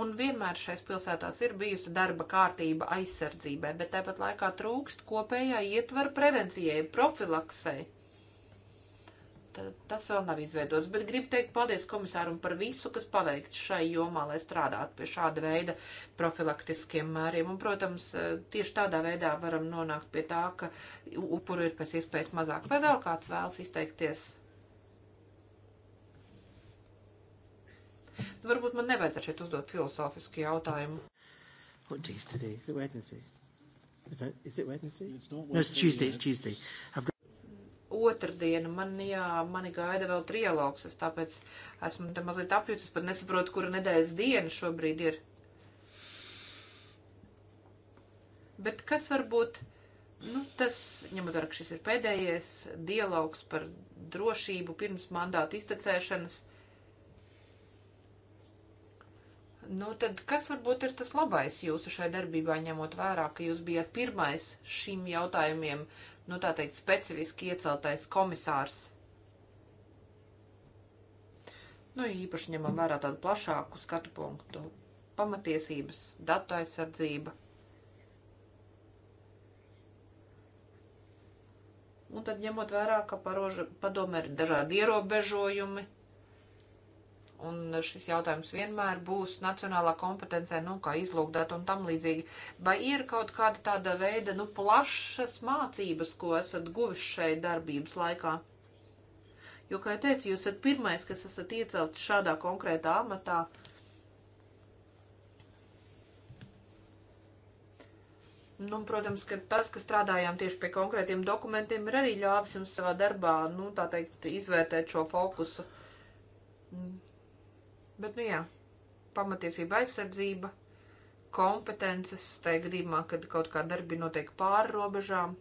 un vienmēr šais pilsētās ir bijusi darba kārtība aizsardzībai, bet tāpat laikā trūkst kopējā ietvara prevencijai, profilaksei. Tas vēl nav izveidots, bet gribu teikt paldies komisāram par visu, kas paveikts šai jomā, lai strādātu pie šāda veida profilaktiskiem mēriem. Un, protams, eh, tieši tādā veidā varam nonākt pie tā, ka upuru ir pēc iespējas mazāk. Vai vēl kāds vēlas izteikties? Nu, varbūt man nevajadzētu šeit uzdot filozofisku jautājumu. What day is today? Is it Wednesday? Is it Wednesday? It's not Wednesday. No, it's Tuesday. Yet. It's Tuesday. I've got otrdiena. Man, jā, mani gaida vēl trialogs, es tāpēc esmu te mazliet apjūts, pat nesaprotu, kura nedēļas diena šobrīd ir. Bet kas varbūt, nu, tas, ņemot vērā, ka šis ir pēdējais dialogs par drošību pirms mandāta iztecēšanas, Nu, tad kas varbūt ir tas labais jūsu šai darbībā, ņemot vērā, ka jūs bijat pirmais šīm jautājumiem, nu, tā teikt, specifiski ieceltais komisārs? Nu, īpaši ņemam vērā tādu plašāku skatu punktu - pamatiesības, datu aizsardzība. Un tad ņemot vērā, ka paroža, padome ir dažādi ierobežojumi, un šis jautājums vienmēr būs nacionālā kompetencē, nu, kā izlūkdāt un tam līdzīgi. Vai ir kaut kāda tāda veida, nu, plašas mācības, ko esat guvis šai darbības laikā? Jo, kā jau teicu, jūs esat pirmais, kas esat iecelts šādā konkrētā amatā. Nu, protams, ka tas, ka strādājām tieši pie konkrētiem dokumentiem, ir arī ļāvis jums savā darbā, nu, tā teikt, izvērtēt šo fokusu. Bet, nu jā, pamatiesība aizsardzība, kompetences, tai gadījumā, kad kaut kā darbi notiek pāri robežām.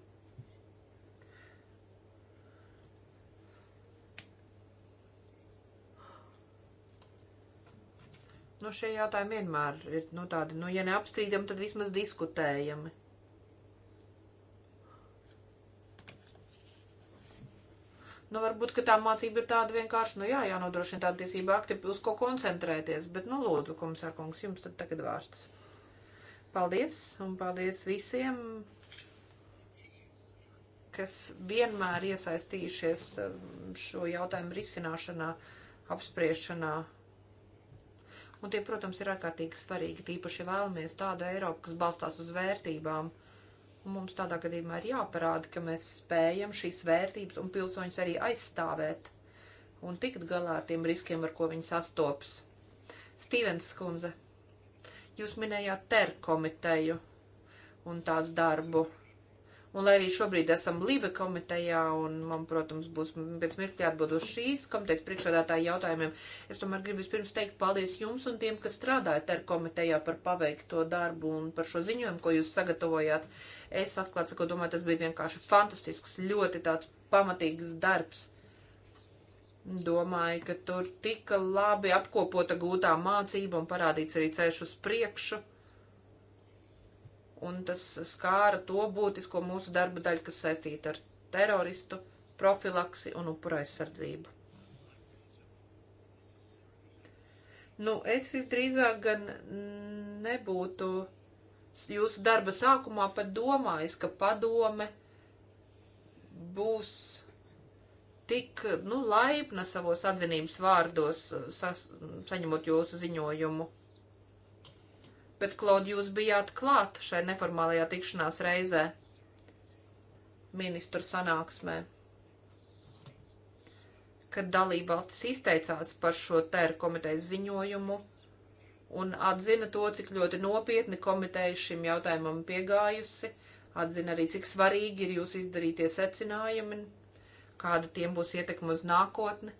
Nu, šie jautājumi vienmēr ir, nu, tādi, nu, ja neapstrīdami, tad vismaz diskutējami. Nu, varbūt, ka tā mācība ir tāda vienkārši, nu jā, jānodrošina tāda tiesība akti, uz ko koncentrēties, bet, nu, lūdzu, komisārkungs, jums tad tagad vārds. Paldies, un paldies visiem, kas vienmēr iesaistījušies um, šo jautājumu risināšanā, apspriešanā. Un tie, protams, ir ārkārtīgi svarīgi, tīpaši vēlamies tādu Eiropu, kas balstās uz vērtībām – Mums tādā gadījumā ir jāparāda, ka mēs spējam šīs vērtības un pilsoņus arī aizstāvēt un tikt galā ar tiem riskiem, ar ko viņi sastopas. Stīvens Skundze, jūs minējāt ter komiteju un tās darbu. Un lai arī šobrīd esam Libe komitejā un man, protams, būs pēc mirkļa atbildu šīs komitejas priekšādātāju jautājumiem, es tomēr gribu vispirms teikt paldies jums un tiem, kas strādāja ter komitejā par paveikto darbu un par šo ziņojumu, ko jūs sagatavojāt. Uh, Es atklāt sakot, domāju, tas bija vienkārši fantastisks, ļoti tāds pamatīgs darbs. Domāju, ka tur tika labi apkopota gūtā mācība un parādīts arī ceļš uz priekšu. Un tas skāra to būtisko mūsu darba daļu, kas saistīta ar teroristu profilaksi un upura aizsardzību. Nu, es visdrīzāk gan nebūtu jūsu darba sākumā pat domājis, ka padome būs tik, nu, laipna savos atzinības vārdos, uh, sas, saņemot jūsu ziņojumu. Bet, Klaud, jūs bijāt klāt šai neformālajā tikšanās reizē ministru sanāksmē, kad dalībvalstis izteicās par šo tēru komitejas ziņojumu un atzina to, cik ļoti nopietni komiteja šim jautājumam piegājusi, atzina arī, cik svarīgi ir jūs izdarītie secinājumi, kāda tiem būs ietekma uz nākotni.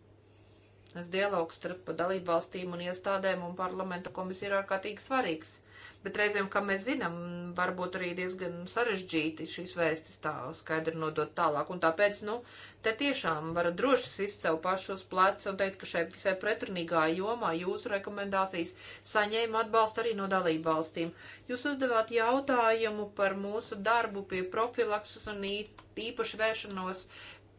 Tas dialogs starp dalību valstīm un iestādēm un parlamenta komisiju ir ārkārtīgi svarīgs. Bet reizēm, kā mēs zinām, varbūt arī diezgan sarežģīti šīs vēstis tā skaidri nodot tālāk. Un tāpēc, nu, te tiešām varat droši sist sev pašos pleci un teikt, ka šai visai pretrunīgā jomā jūsu rekomendācijas saņēma atbalstu arī no dalību valstīm. Jūs uzdevāt jautājumu par mūsu darbu pie profilakses un īpaši vēršanos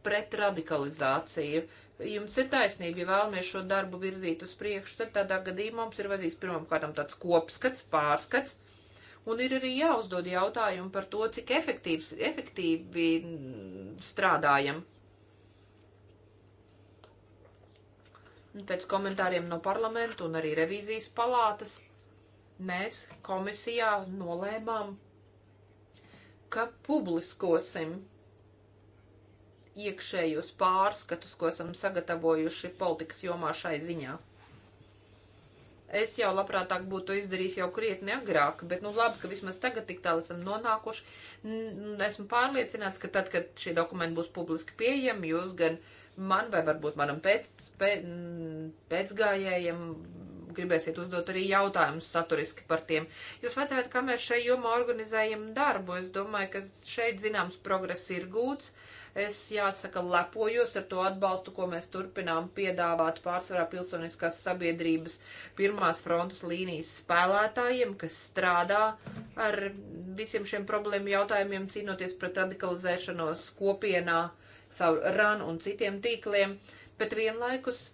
pret radikalizāciju. Uh, jums ir taisnība, ja vēlamies šo darbu virzīt uz priekšu, tad tādā gadījumā mums ir vajadzīgs pirmkārt tāds kopskats, pārskats. Un ir arī jāuzdod jautājumu par to, cik efektīvs, efektīvi strādājam. Pēc komentāriem no parlamentu un arī revīzijas palātas mēs komisijā nolēmām, ka publiskosim iekšējos pārskatus, ko esam sagatavojuši politikas jomā šai ziņā. Es jau labprātāk būtu izdarījis jau krietni agrāk, bet nu labi, ka vismaz tagad tik tālu esam nonākuši. Esmu pārliecināts, ka tad, kad šie dokumenti būs publiski pieejami, jūs gan man vai varbūt manam pēc, pēc, pēcgājējiem gribēsiet uzdot arī jautājumus saturiski par tiem. Jūs vajadzētu, kā mēs šai jomā organizējam darbu, es domāju, ka šeit zināms progress ir gūts. Uh, Es jāsaka, lepojos ar to atbalstu, ko mēs turpinām piedāvāt pārsvarā pilsoniskās sabiedrības pirmās frontes līnijas spēlētājiem, kas strādā ar visiem šiem problēmu jautājumiem, cīnoties pret radikalizēšanos kopienā caur RAN un citiem tīkliem, bet vienlaikus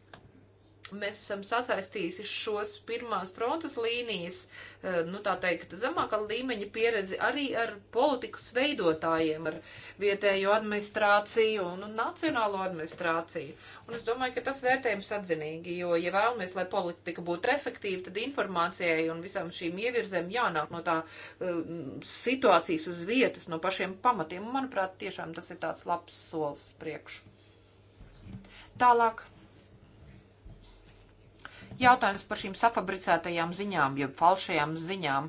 mēs esam sasaistījuši šos pirmās frontes līnijas, eh, nu tā teikt, zemākā līmeņa pieredzi arī ar politikas veidotājiem, ar vietējo administrāciju un nu, nacionālo administrāciju. Un es domāju, ka tas vērtējums atzinīgi, jo, ja vēlamies, lai politika būtu efektīva, tad informācijai un visām šīm ievirzēm jānāk no tā uh, situācijas uz vietas, no pašiem pamatiem. Un, manuprāt, tiešām tas ir tāds labs solis uz priekšu. Tālāk. Jautājums par šīm safabricētajām ziņām, jeb falšajām ziņām.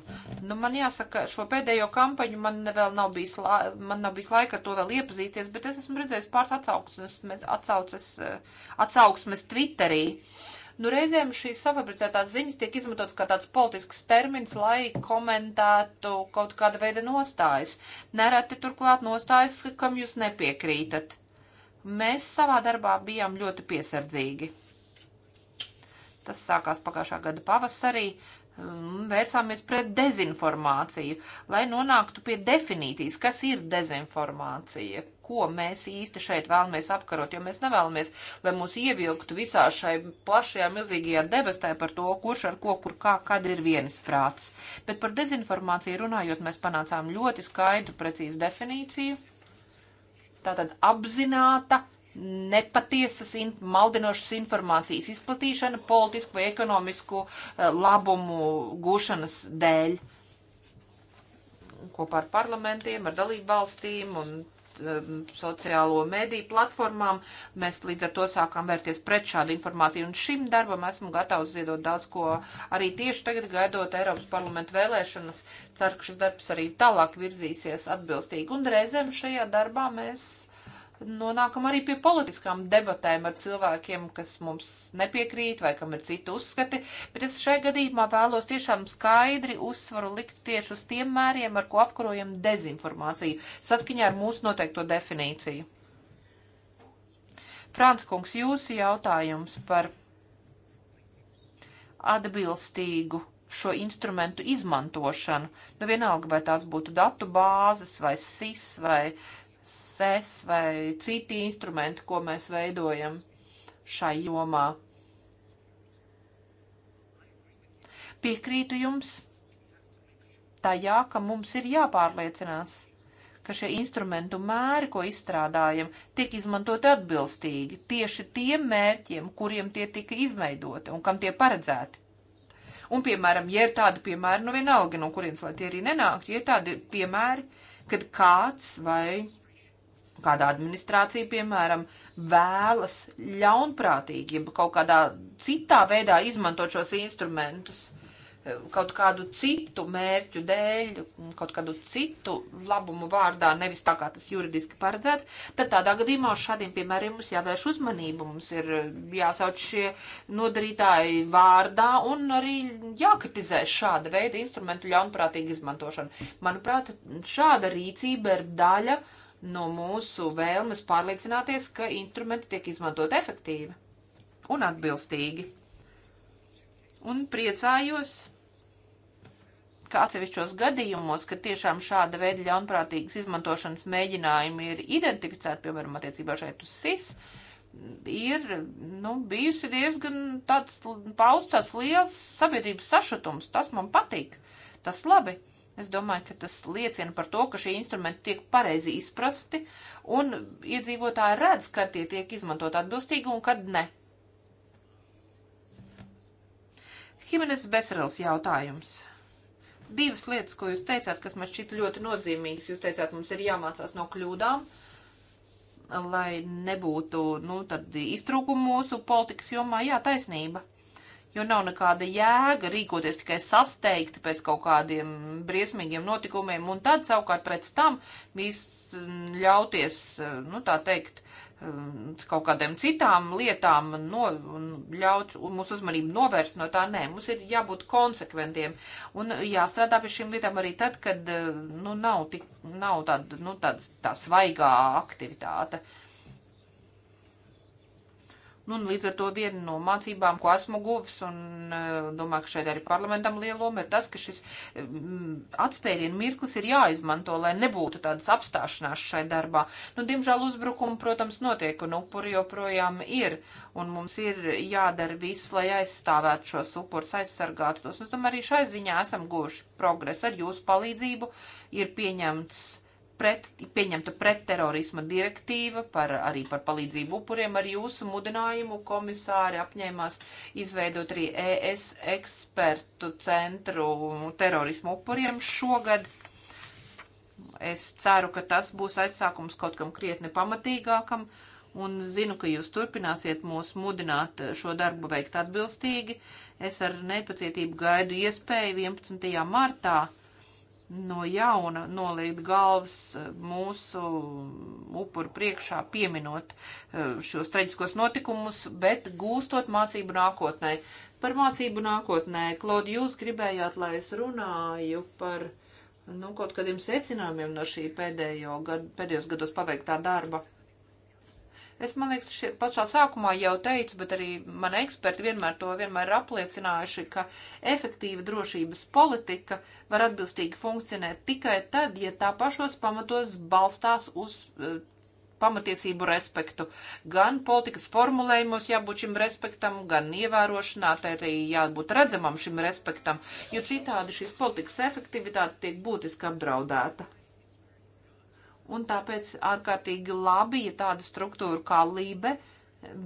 Nu, man jāsaka, šo pēdējo kampaņu man vēl nav bijis, la, man nav bijis laika ar to vēl iepazīties, bet es esmu redzējis pāris atsauksmes, atsauces, eh, atsauksmes Twitterī. Nu, reizēm šīs safabricētās ziņas tiek izmantotas kā tāds politisks termins, lai komentētu kaut kāda veida nostājas. Nereti turklāt nostājas, kam jūs nepiekrītat. Mēs savā darbā bijām ļoti piesardzīgi tas sākās pagājušā gada pavasarī, um, vērsāmies pret dezinformāciju, lai nonāktu pie definīcijas, kas ir dezinformācija, ko mēs īsti šeit vēlamies apkarot, jo mēs nevēlamies, lai mūs ievilktu visā šai plašajā milzīgajā debestē par to, kurš ar ko, kur kā, kad ir vienas prāts. Bet par dezinformāciju runājot, mēs panācām ļoti skaidru, precīzu definīciju. Tātad apzināta nepatiesas, in, maldinošas informācijas izplatīšana politisku vai ekonomisku eh, labumu gūšanas dēļ kopā ar parlamentiem, ar dalību valstīm un eh, sociālo mediju platformām. Mēs līdz ar to sākām vērties pret šādu informāciju. Un šim darbam esmu gatavs ziedot daudz ko arī tieši tagad, gaidot Eiropas parlamentu vēlēšanas. Ceru, ka šis darbs arī tālāk virzīsies atbilstīgi. Un reizēm šajā darbā mēs nonākam arī pie politiskām debatēm ar cilvēkiem, kas mums nepiekrīt vai kam ir citi uzskati, bet es šai gadījumā vēlos tiešām skaidri uzsvaru likt tieši uz tiem mēriem, ar ko apkarojam dezinformāciju, saskaņā ar mūsu noteikto definīciju. Franskungs, jūsu jautājums par atbilstīgu šo instrumentu izmantošanu, nu vienalga, vai tās būtu datu bāzes vai SIS vai uh, SES e vai citi instrumenti, ko mēs veidojam šai jomā. Piekrītu jums tajā, ka mums ir jāpārliecinās, ka šie instrumentu mēri, ko izstrādājam, tiek izmantoti atbilstīgi tieši tiem mērķiem, kuriem tie tika izveidoti un kam tie paredzēti. Un, piemēram, ja ir tādi piemēri, nu vienalga, no kurienes lai tie arī nenāktu, ja ir tādi piemēri, kad kāds vai kāda administrācija, piemēram, vēlas ļaunprātīgi, kaut kādā citā veidā izmantot šos instrumentus, eh, kaut kādu citu mērķu dēļ, kaut kādu citu labumu vārdā, nevis tā kā tas juridiski paredzēts, tad tādā gadījumā uz šādiem piemēriem mums jāvērš uzmanība, mums ir eh, jāsauc šie nodarītāji vārdā un arī jākritizē šāda veida instrumentu ļaunprātīga izmantošana. Manuprāt, šāda rīcība ir daļa no no mūsu vēlmes pārliecināties, ka instrumenti tiek izmantot efektīvi un atbilstīgi. Un priecājos, ka atsevišķos gadījumos, kad tiešām šāda veida ļaunprātīgas izmantošanas mēģinājumi ir identificēti, piemēram, attiecībā šeit uz SIS, ir nu, bijusi diezgan tāds pausts, tāds liels sabiedrības sašutums. Tas man patīk. Tas labi. Uh, Es domāju, ka tas liecina par to, ka šie instrumenti tiek pareizi izprasti un iedzīvotāji redz, kad tie tiek izmantot atbilstīgi un kad ne. Himenes Besarels jautājums divas lietas, ko jūs teicāt, kas man šķita ļoti nozīmīgas. Jūs teicāt, mums ir jāmācās no kļūdām, lai nebūtu nu, iztrūkumu mūsu politikas jomā. Jā, taisnība jo nav nekāda jēga rīkoties tikai sasteigti pēc kaut kādiem briesmīgiem notikumiem, un tad savukārt pēc tam viss mm, ļauties, mm, nu tā teikt, mm, kaut kādiem citām lietām no, ļaut mūsu uzmanību novērst no tā. Nē, mums ir jābūt konsekventiem un jāstrādā pie šīm lietām arī tad, kad nu, nav, tik, nav tāda, nu, tāda tā svaigā aktivitāte. Uh, Nu, un līdz ar to viena no mācībām, ko esmu guvis, un eh, domāju, ka šeit arī parlamentam lieloma, ir tas, ka šis mm, atspērienu mirklis ir jāizmanto, lai nebūtu tādas apstāšanās šai darbā. Nu, diemžēl uzbrukumi, protams, notiek, un upuri joprojām ir, un mums ir jādara viss, lai aizstāvētu šos upurus, aizsargātu tos. Es domāju, arī šai ziņā esam guvuši progresu ar jūsu palīdzību. Ir pieņemts pret, pieņemta pretterorisma direktīva par, arī par palīdzību upuriem ar jūsu mudinājumu komisāri apņēmās izveidot arī ES ekspertu centru terorismu upuriem šogad. Es ceru, ka tas būs aizsākums kaut kam krietni pamatīgākam un zinu, ka jūs turpināsiet mūs mudināt šo darbu veikt atbilstīgi. Es ar nepacietību gaidu iespēju 11. martā no jauna nolikt galvas mūsu upuru priekšā, pieminot eh, šos traģiskos notikumus, bet gūstot mācību nākotnē. Par mācību nākotnē, Klaudi, jūs gribējāt, lai es runāju par nu, kaut kādiem secinājumiem no šī pēdējo gadu, pēdējos gados paveiktā darba. Es, man liekas, šie, pašā sākumā jau teicu, bet arī mani eksperti vienmēr to vienmēr ir apliecinājuši, ka efektīva drošības politika var atbilstīgi funkcionēt tikai tad, ja tā pašos pamatos balstās uz eh, pamatiesību respektu. Gan politikas formulējumos jābūt šim respektam, gan ievērošanā, tai arī jābūt redzamam šim respektam, jo citādi šīs politikas efektivitāte tiek būtiski apdraudēta un tāpēc ārkārtīgi labi, ja tāda struktūra kā Lībe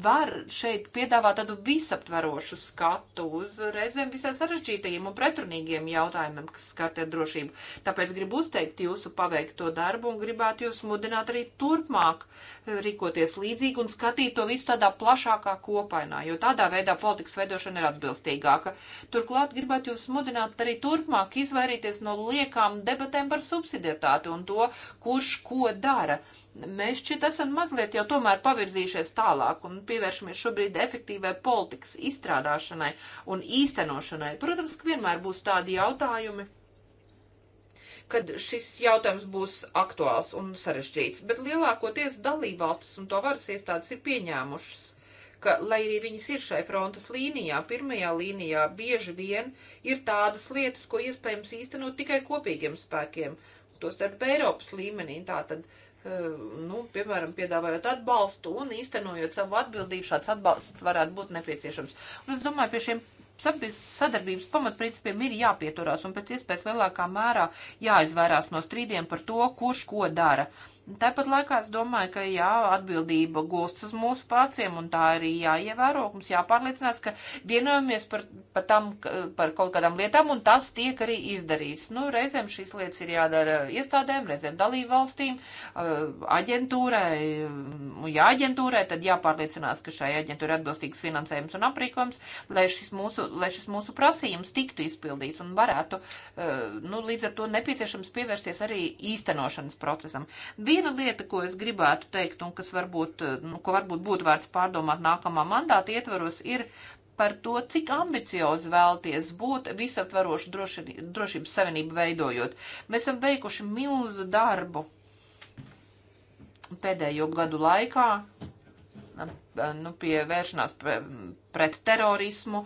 var šeit piedāvāt tādu visaptverošu skatu uz reizēm visai sarežģītajiem un pretrunīgiem jautājumiem, kas skartie drošību. Tāpēc gribu uzteikt jūsu paveikto darbu un gribētu jūs mudināt arī turpmāk eh, rīkoties līdzīgi un skatīt to visu tādā plašākā kopainā, jo tādā veidā politikas veidošana ir atbilstīgāka. Turklāt gribētu jūs mudināt arī turpmāk izvairīties no liekām debatēm par subsidietāti un to, kurš ko dara. Mēs šķiet esam mazliet jau tomēr pavirzījušies tālāk pasākumu, pievēršamies šobrīd efektīvai politikas izstrādāšanai un īstenošanai. Protams, ka vienmēr būs tādi jautājumi kad šis jautājums būs aktuāls un sarežģīts, bet lielākoties dalībvalstis un to varas iestādes ir pieņēmušas, ka, lai arī viņas ir šai frontes līnijā, pirmajā līnijā, bieži vien ir tādas lietas, ko iespējams īstenot tikai kopīgiem spēkiem, tostarp Eiropas līmenī, tātad. tad Ehm, nu, piemēram, piedāvājot atbalstu un īstenojot savu atbildību, šāds atbalsts varētu būt nepieciešams. Un es domāju, pie šiem sadarbības pamatprincipiem ir jāpieturās un pēc iespējas lielākā mērā jāizvairās no strīdiem par to, kurš ko dara. Uh, Tāpat laikā es domāju, ka jā, atbildība gulsts uz mūsu paciem, un tā arī jāievēro. Mums jāpārliecinās, ka vienojamies par, par, tam, par kaut kādām lietām, un tas tiek arī izdarīts. Nu, reizēm šīs lietas ir jādara iestādēm, reizēm dalību valstīm, eh, aģentūrai, ja aģentūrai, tad jāpārliecinās, ka šai aģentūrai atbilstīgs finansējums un aprīkojums, lai šis mūsu, lai šis mūsu prasījums tiktu izpildīts un varētu, eh, nu, līdz ar to nepieciešams pievērsties arī īstenošanas procesam. Vi Viena lieta, ko es gribētu teikt un kas varbūt, eh, nu, ko varbūt būtu vērts pārdomāt nākamā mandāta ietvaros, ir par to, cik ambiciozi vēlties būt visaptvarošu droši, drošības savienību veidojot. Mēs esam veikuši milzu darbu pēdējo gadu laikā, Eh, nu, pie vēršanās pre, pret terorismu,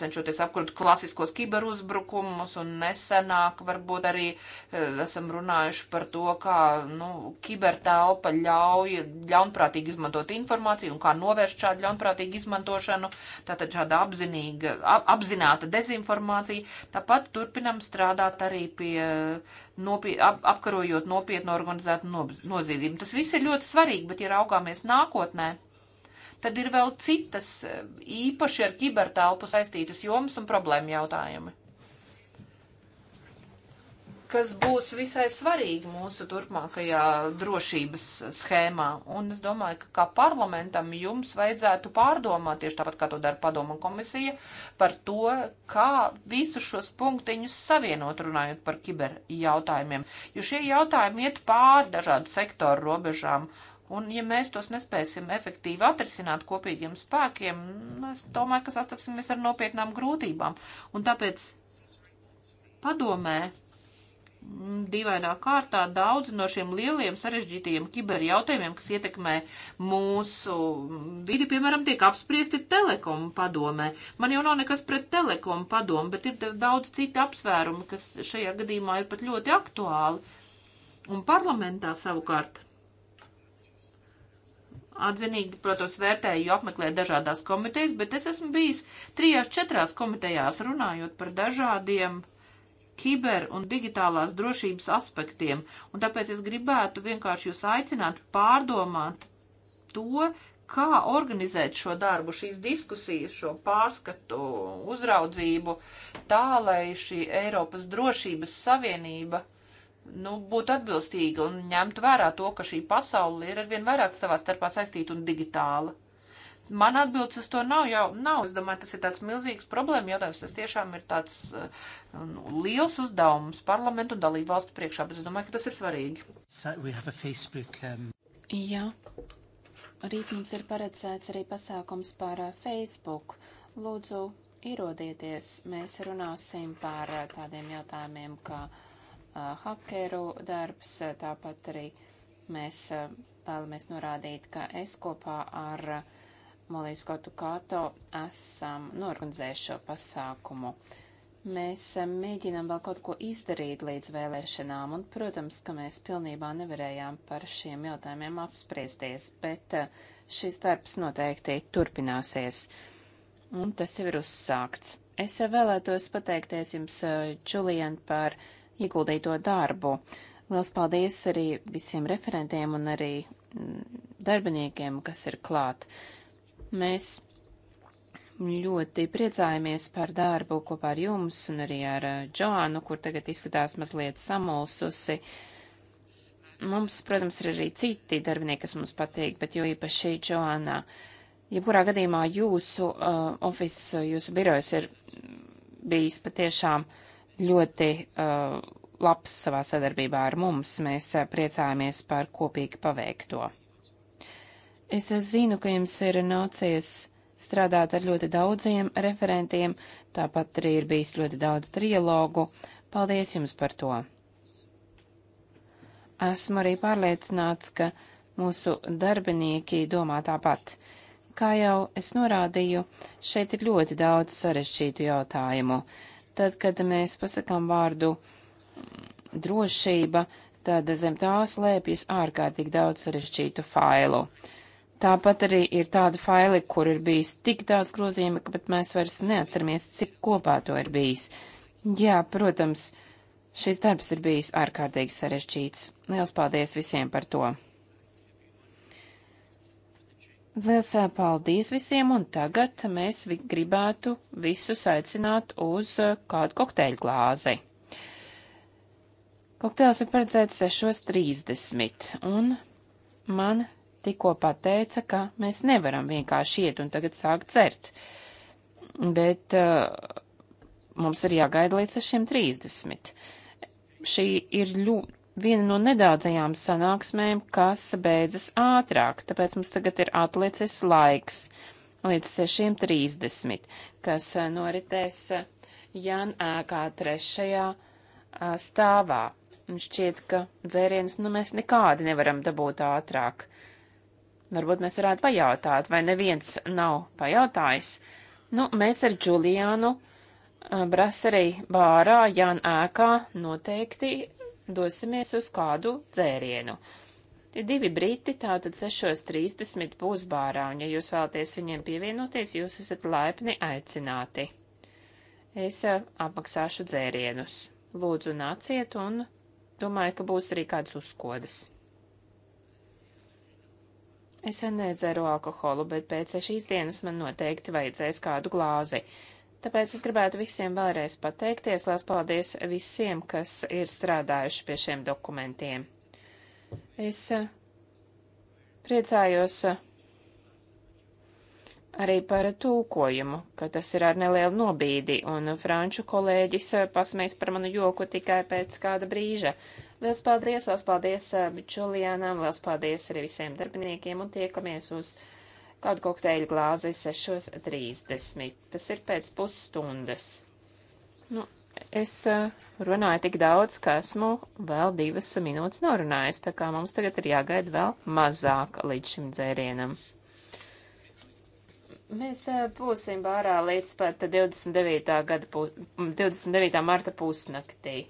cenšoties apkurot klasiskos kiberuzbrukumus, un nesenāk varbūt arī eh, esam runājuši par to, kā nu, kibertelpa ļauj ļaunprātīgi izmantot informāciju un kā novērst šādu ļaunprātīgu izmantošanu, tātad šāda apzinīga, ap, apzināta dezinformācija. Tāpat turpinam strādāt arī pie eh, nopie, ap, apkarojot nopietnu organizētu noziedzību. Tas viss ir ļoti svarīgi, bet ja raugāmies nākotnē, Tad ir vēl citas eh, īpaši ar kibertelpu saistītas jomas un problēma jautājumi kas būs visai svarīgi mūsu turpmākajā drošības eh, schēmā. Un es domāju, ka kā parlamentam jums vajadzētu pārdomāt, tieši tāpat kā to dara padoma komisija, par to, kā visus šos punktiņus savienot runājot par kiber jautājumiem. Jo šie jautājumi iet pāri dažādu sektoru robežām Un ja mēs tos nespēsim efektīvi atrisināt kopīgiem spēkiem, nu, es domāju, ka sastapsimies ar nopietnām grūtībām. Un tāpēc padomē mm, dīvainā kārtā daudz no šiem lieliem sarežģītajiem kiberjautājumiem, kas ietekmē mūsu mm, vidi, piemēram, tiek apspriesti telekomu padomē. Man jau nav nekas pret telekomu padomu, bet ir daudz citu apsvērumu, kas šajā gadījumā ir pat ļoti aktuāli. Un parlamentā savukārt Atzinīgi, protams, vērtēju, apmeklēju dažādās komitejas, bet es esmu bijis trijās, četrās komitejās runājot par dažādiem kiber un digitālās drošības aspektiem. Un tāpēc es gribētu vienkārši jūs aicināt pārdomāt to, kā organizēt šo darbu, šīs diskusijas, šo pārskatu, uzraudzību, tā lai šī Eiropas drošības savienība nu, būtu atbilstīga un ņemtu vērā to, ka šī pasaule ir arvien vairāk savā starpā saistīta un digitāla. Man atbildes uz to nav jau, nav, es domāju, tas ir tāds milzīgs problēma jautājums, tas tiešām ir tāds nu, liels uzdevums parlamentu un dalību valstu priekšā, bet es domāju, ka tas ir svarīgi. So Facebook, um... Jā, rīt mums ir paredzēts arī pasākums par eh, Facebook. Lūdzu, ierodieties, mēs runāsim par eh, tādiem jautājumiem, kā. Ka hakeru darbs, tāpat arī mēs vēlamies norādīt, ka es kopā ar Molijas Gotu Kato esam norganizējuši šo pasākumu. Mēs mēģinām vēl kaut ko izdarīt līdz vēlēšanām, un, protams, ka mēs pilnībā nevarējām par šiem jautājumiem apspriesties, bet šis darbs noteikti turpināsies. Un tas jau ir uzsākts. Es vēlētos pateikties jums, Čulien, par ieguldīto darbu. Lielas paldies arī visiem referentiem un arī mm, darbiniekiem, kas ir klāt. Mēs ļoti priecājamies par darbu kopā ar jums un arī ar eh, Džoānu, kur tagad izskatās mazliet samulsusi. Mums, protams, ir arī citi darbinieki, kas mums patīk, bet jo īpaši Džoānā. Jebkurā gadījumā jūsu uh, eh, ofis, jūsu birojas ir mm, bijis patiešām uh, ļoti uh, labs savā sadarbībā ar mums. Mēs uh, priecājamies par kopīgi paveikto. Es zinu, ka jums ir nācies strādāt ar ļoti daudziem referentiem, tāpat arī ir bijis ļoti daudz trilogu. Paldies jums par to! Esmu arī pārliecināts, ka mūsu darbinieki domā tāpat. Kā jau es norādīju, šeit ir ļoti daudz sarežģītu jautājumu. Uh, Tad, kad mēs pasakām vārdu drošība, tad zem tā slēpjas ārkārtīgi daudz sarežģītu failu. Tāpat arī ir tādi faili, kur ir bijis tik daudz grozījuma, ka pat mēs vairs neatceramies, cik kopā to ir bijis. Jā, protams, šis darbs ir bijis ārkārtīgi sarežģīts. Liels paldies visiem par to! Lielas paldies visiem, un tagad mēs vi gribētu visus aicināt uz kādu kokteļu glāzi. Kokteils ir paredzēts 6.30, un man tikko pateica, ka mēs nevaram vienkārši iet un tagad sākt dzert, bet uh, mums ir jāgaida līdz 6.30. Šī ir ļoti viena no nedaudzajām sanāksmēm, kas beidzas ātrāk, tāpēc mums tagad ir atlicis laiks līdz 6.30, kas eh, noritēs eh, Jan ēkā trešajā eh, stāvā. Un šķiet, ka dzērienus nu mēs nekādi nevaram dabūt ātrāk. Varbūt mēs varētu pajautāt, vai neviens nav pajautājis. Nu, mēs ar Džuliānu Braserī bārā Jāna ēkā noteikti dosimies uz kādu dzērienu. Divi briti tātad 6.30 būs bārā, un ja jūs vēlaties viņiem pievienoties, jūs esat laipni aicināti. Es eh, apmaksāšu dzērienus. Lūdzu, nāciet, un domāju, ka būs arī kādas uzkodas. Es nedzēru alkoholu, bet pēc šīs dienas man noteikti vajadzēs kādu glāzi. Tāpēc es gribētu visiem vēlreiz pateikties, lai paldies visiem, kas ir strādājuši pie šiem dokumentiem. Es eh, priecājos eh, arī par tulkojumu, ka tas ir ar nelielu nobīdi, un franču kolēģis eh, pasmēs par manu joku tikai pēc kāda brīža. Liels paldies, liels paldies Čulijanam, liels paldies arī visiem darbiniekiem, un tiekamies uz Tad kokteļa glāze 6.30. Tas ir pēc pusstundas. Nu, es eh, runāju tik daudz, ka esmu vēl divas minūtes norunājis, tā kā mums tagad ir jāgaida vēl mazāk līdz šim dzērienam. Mēs eh, būsim bārā līdz pat 29. Gada, pū, 29. marta pusnaktī.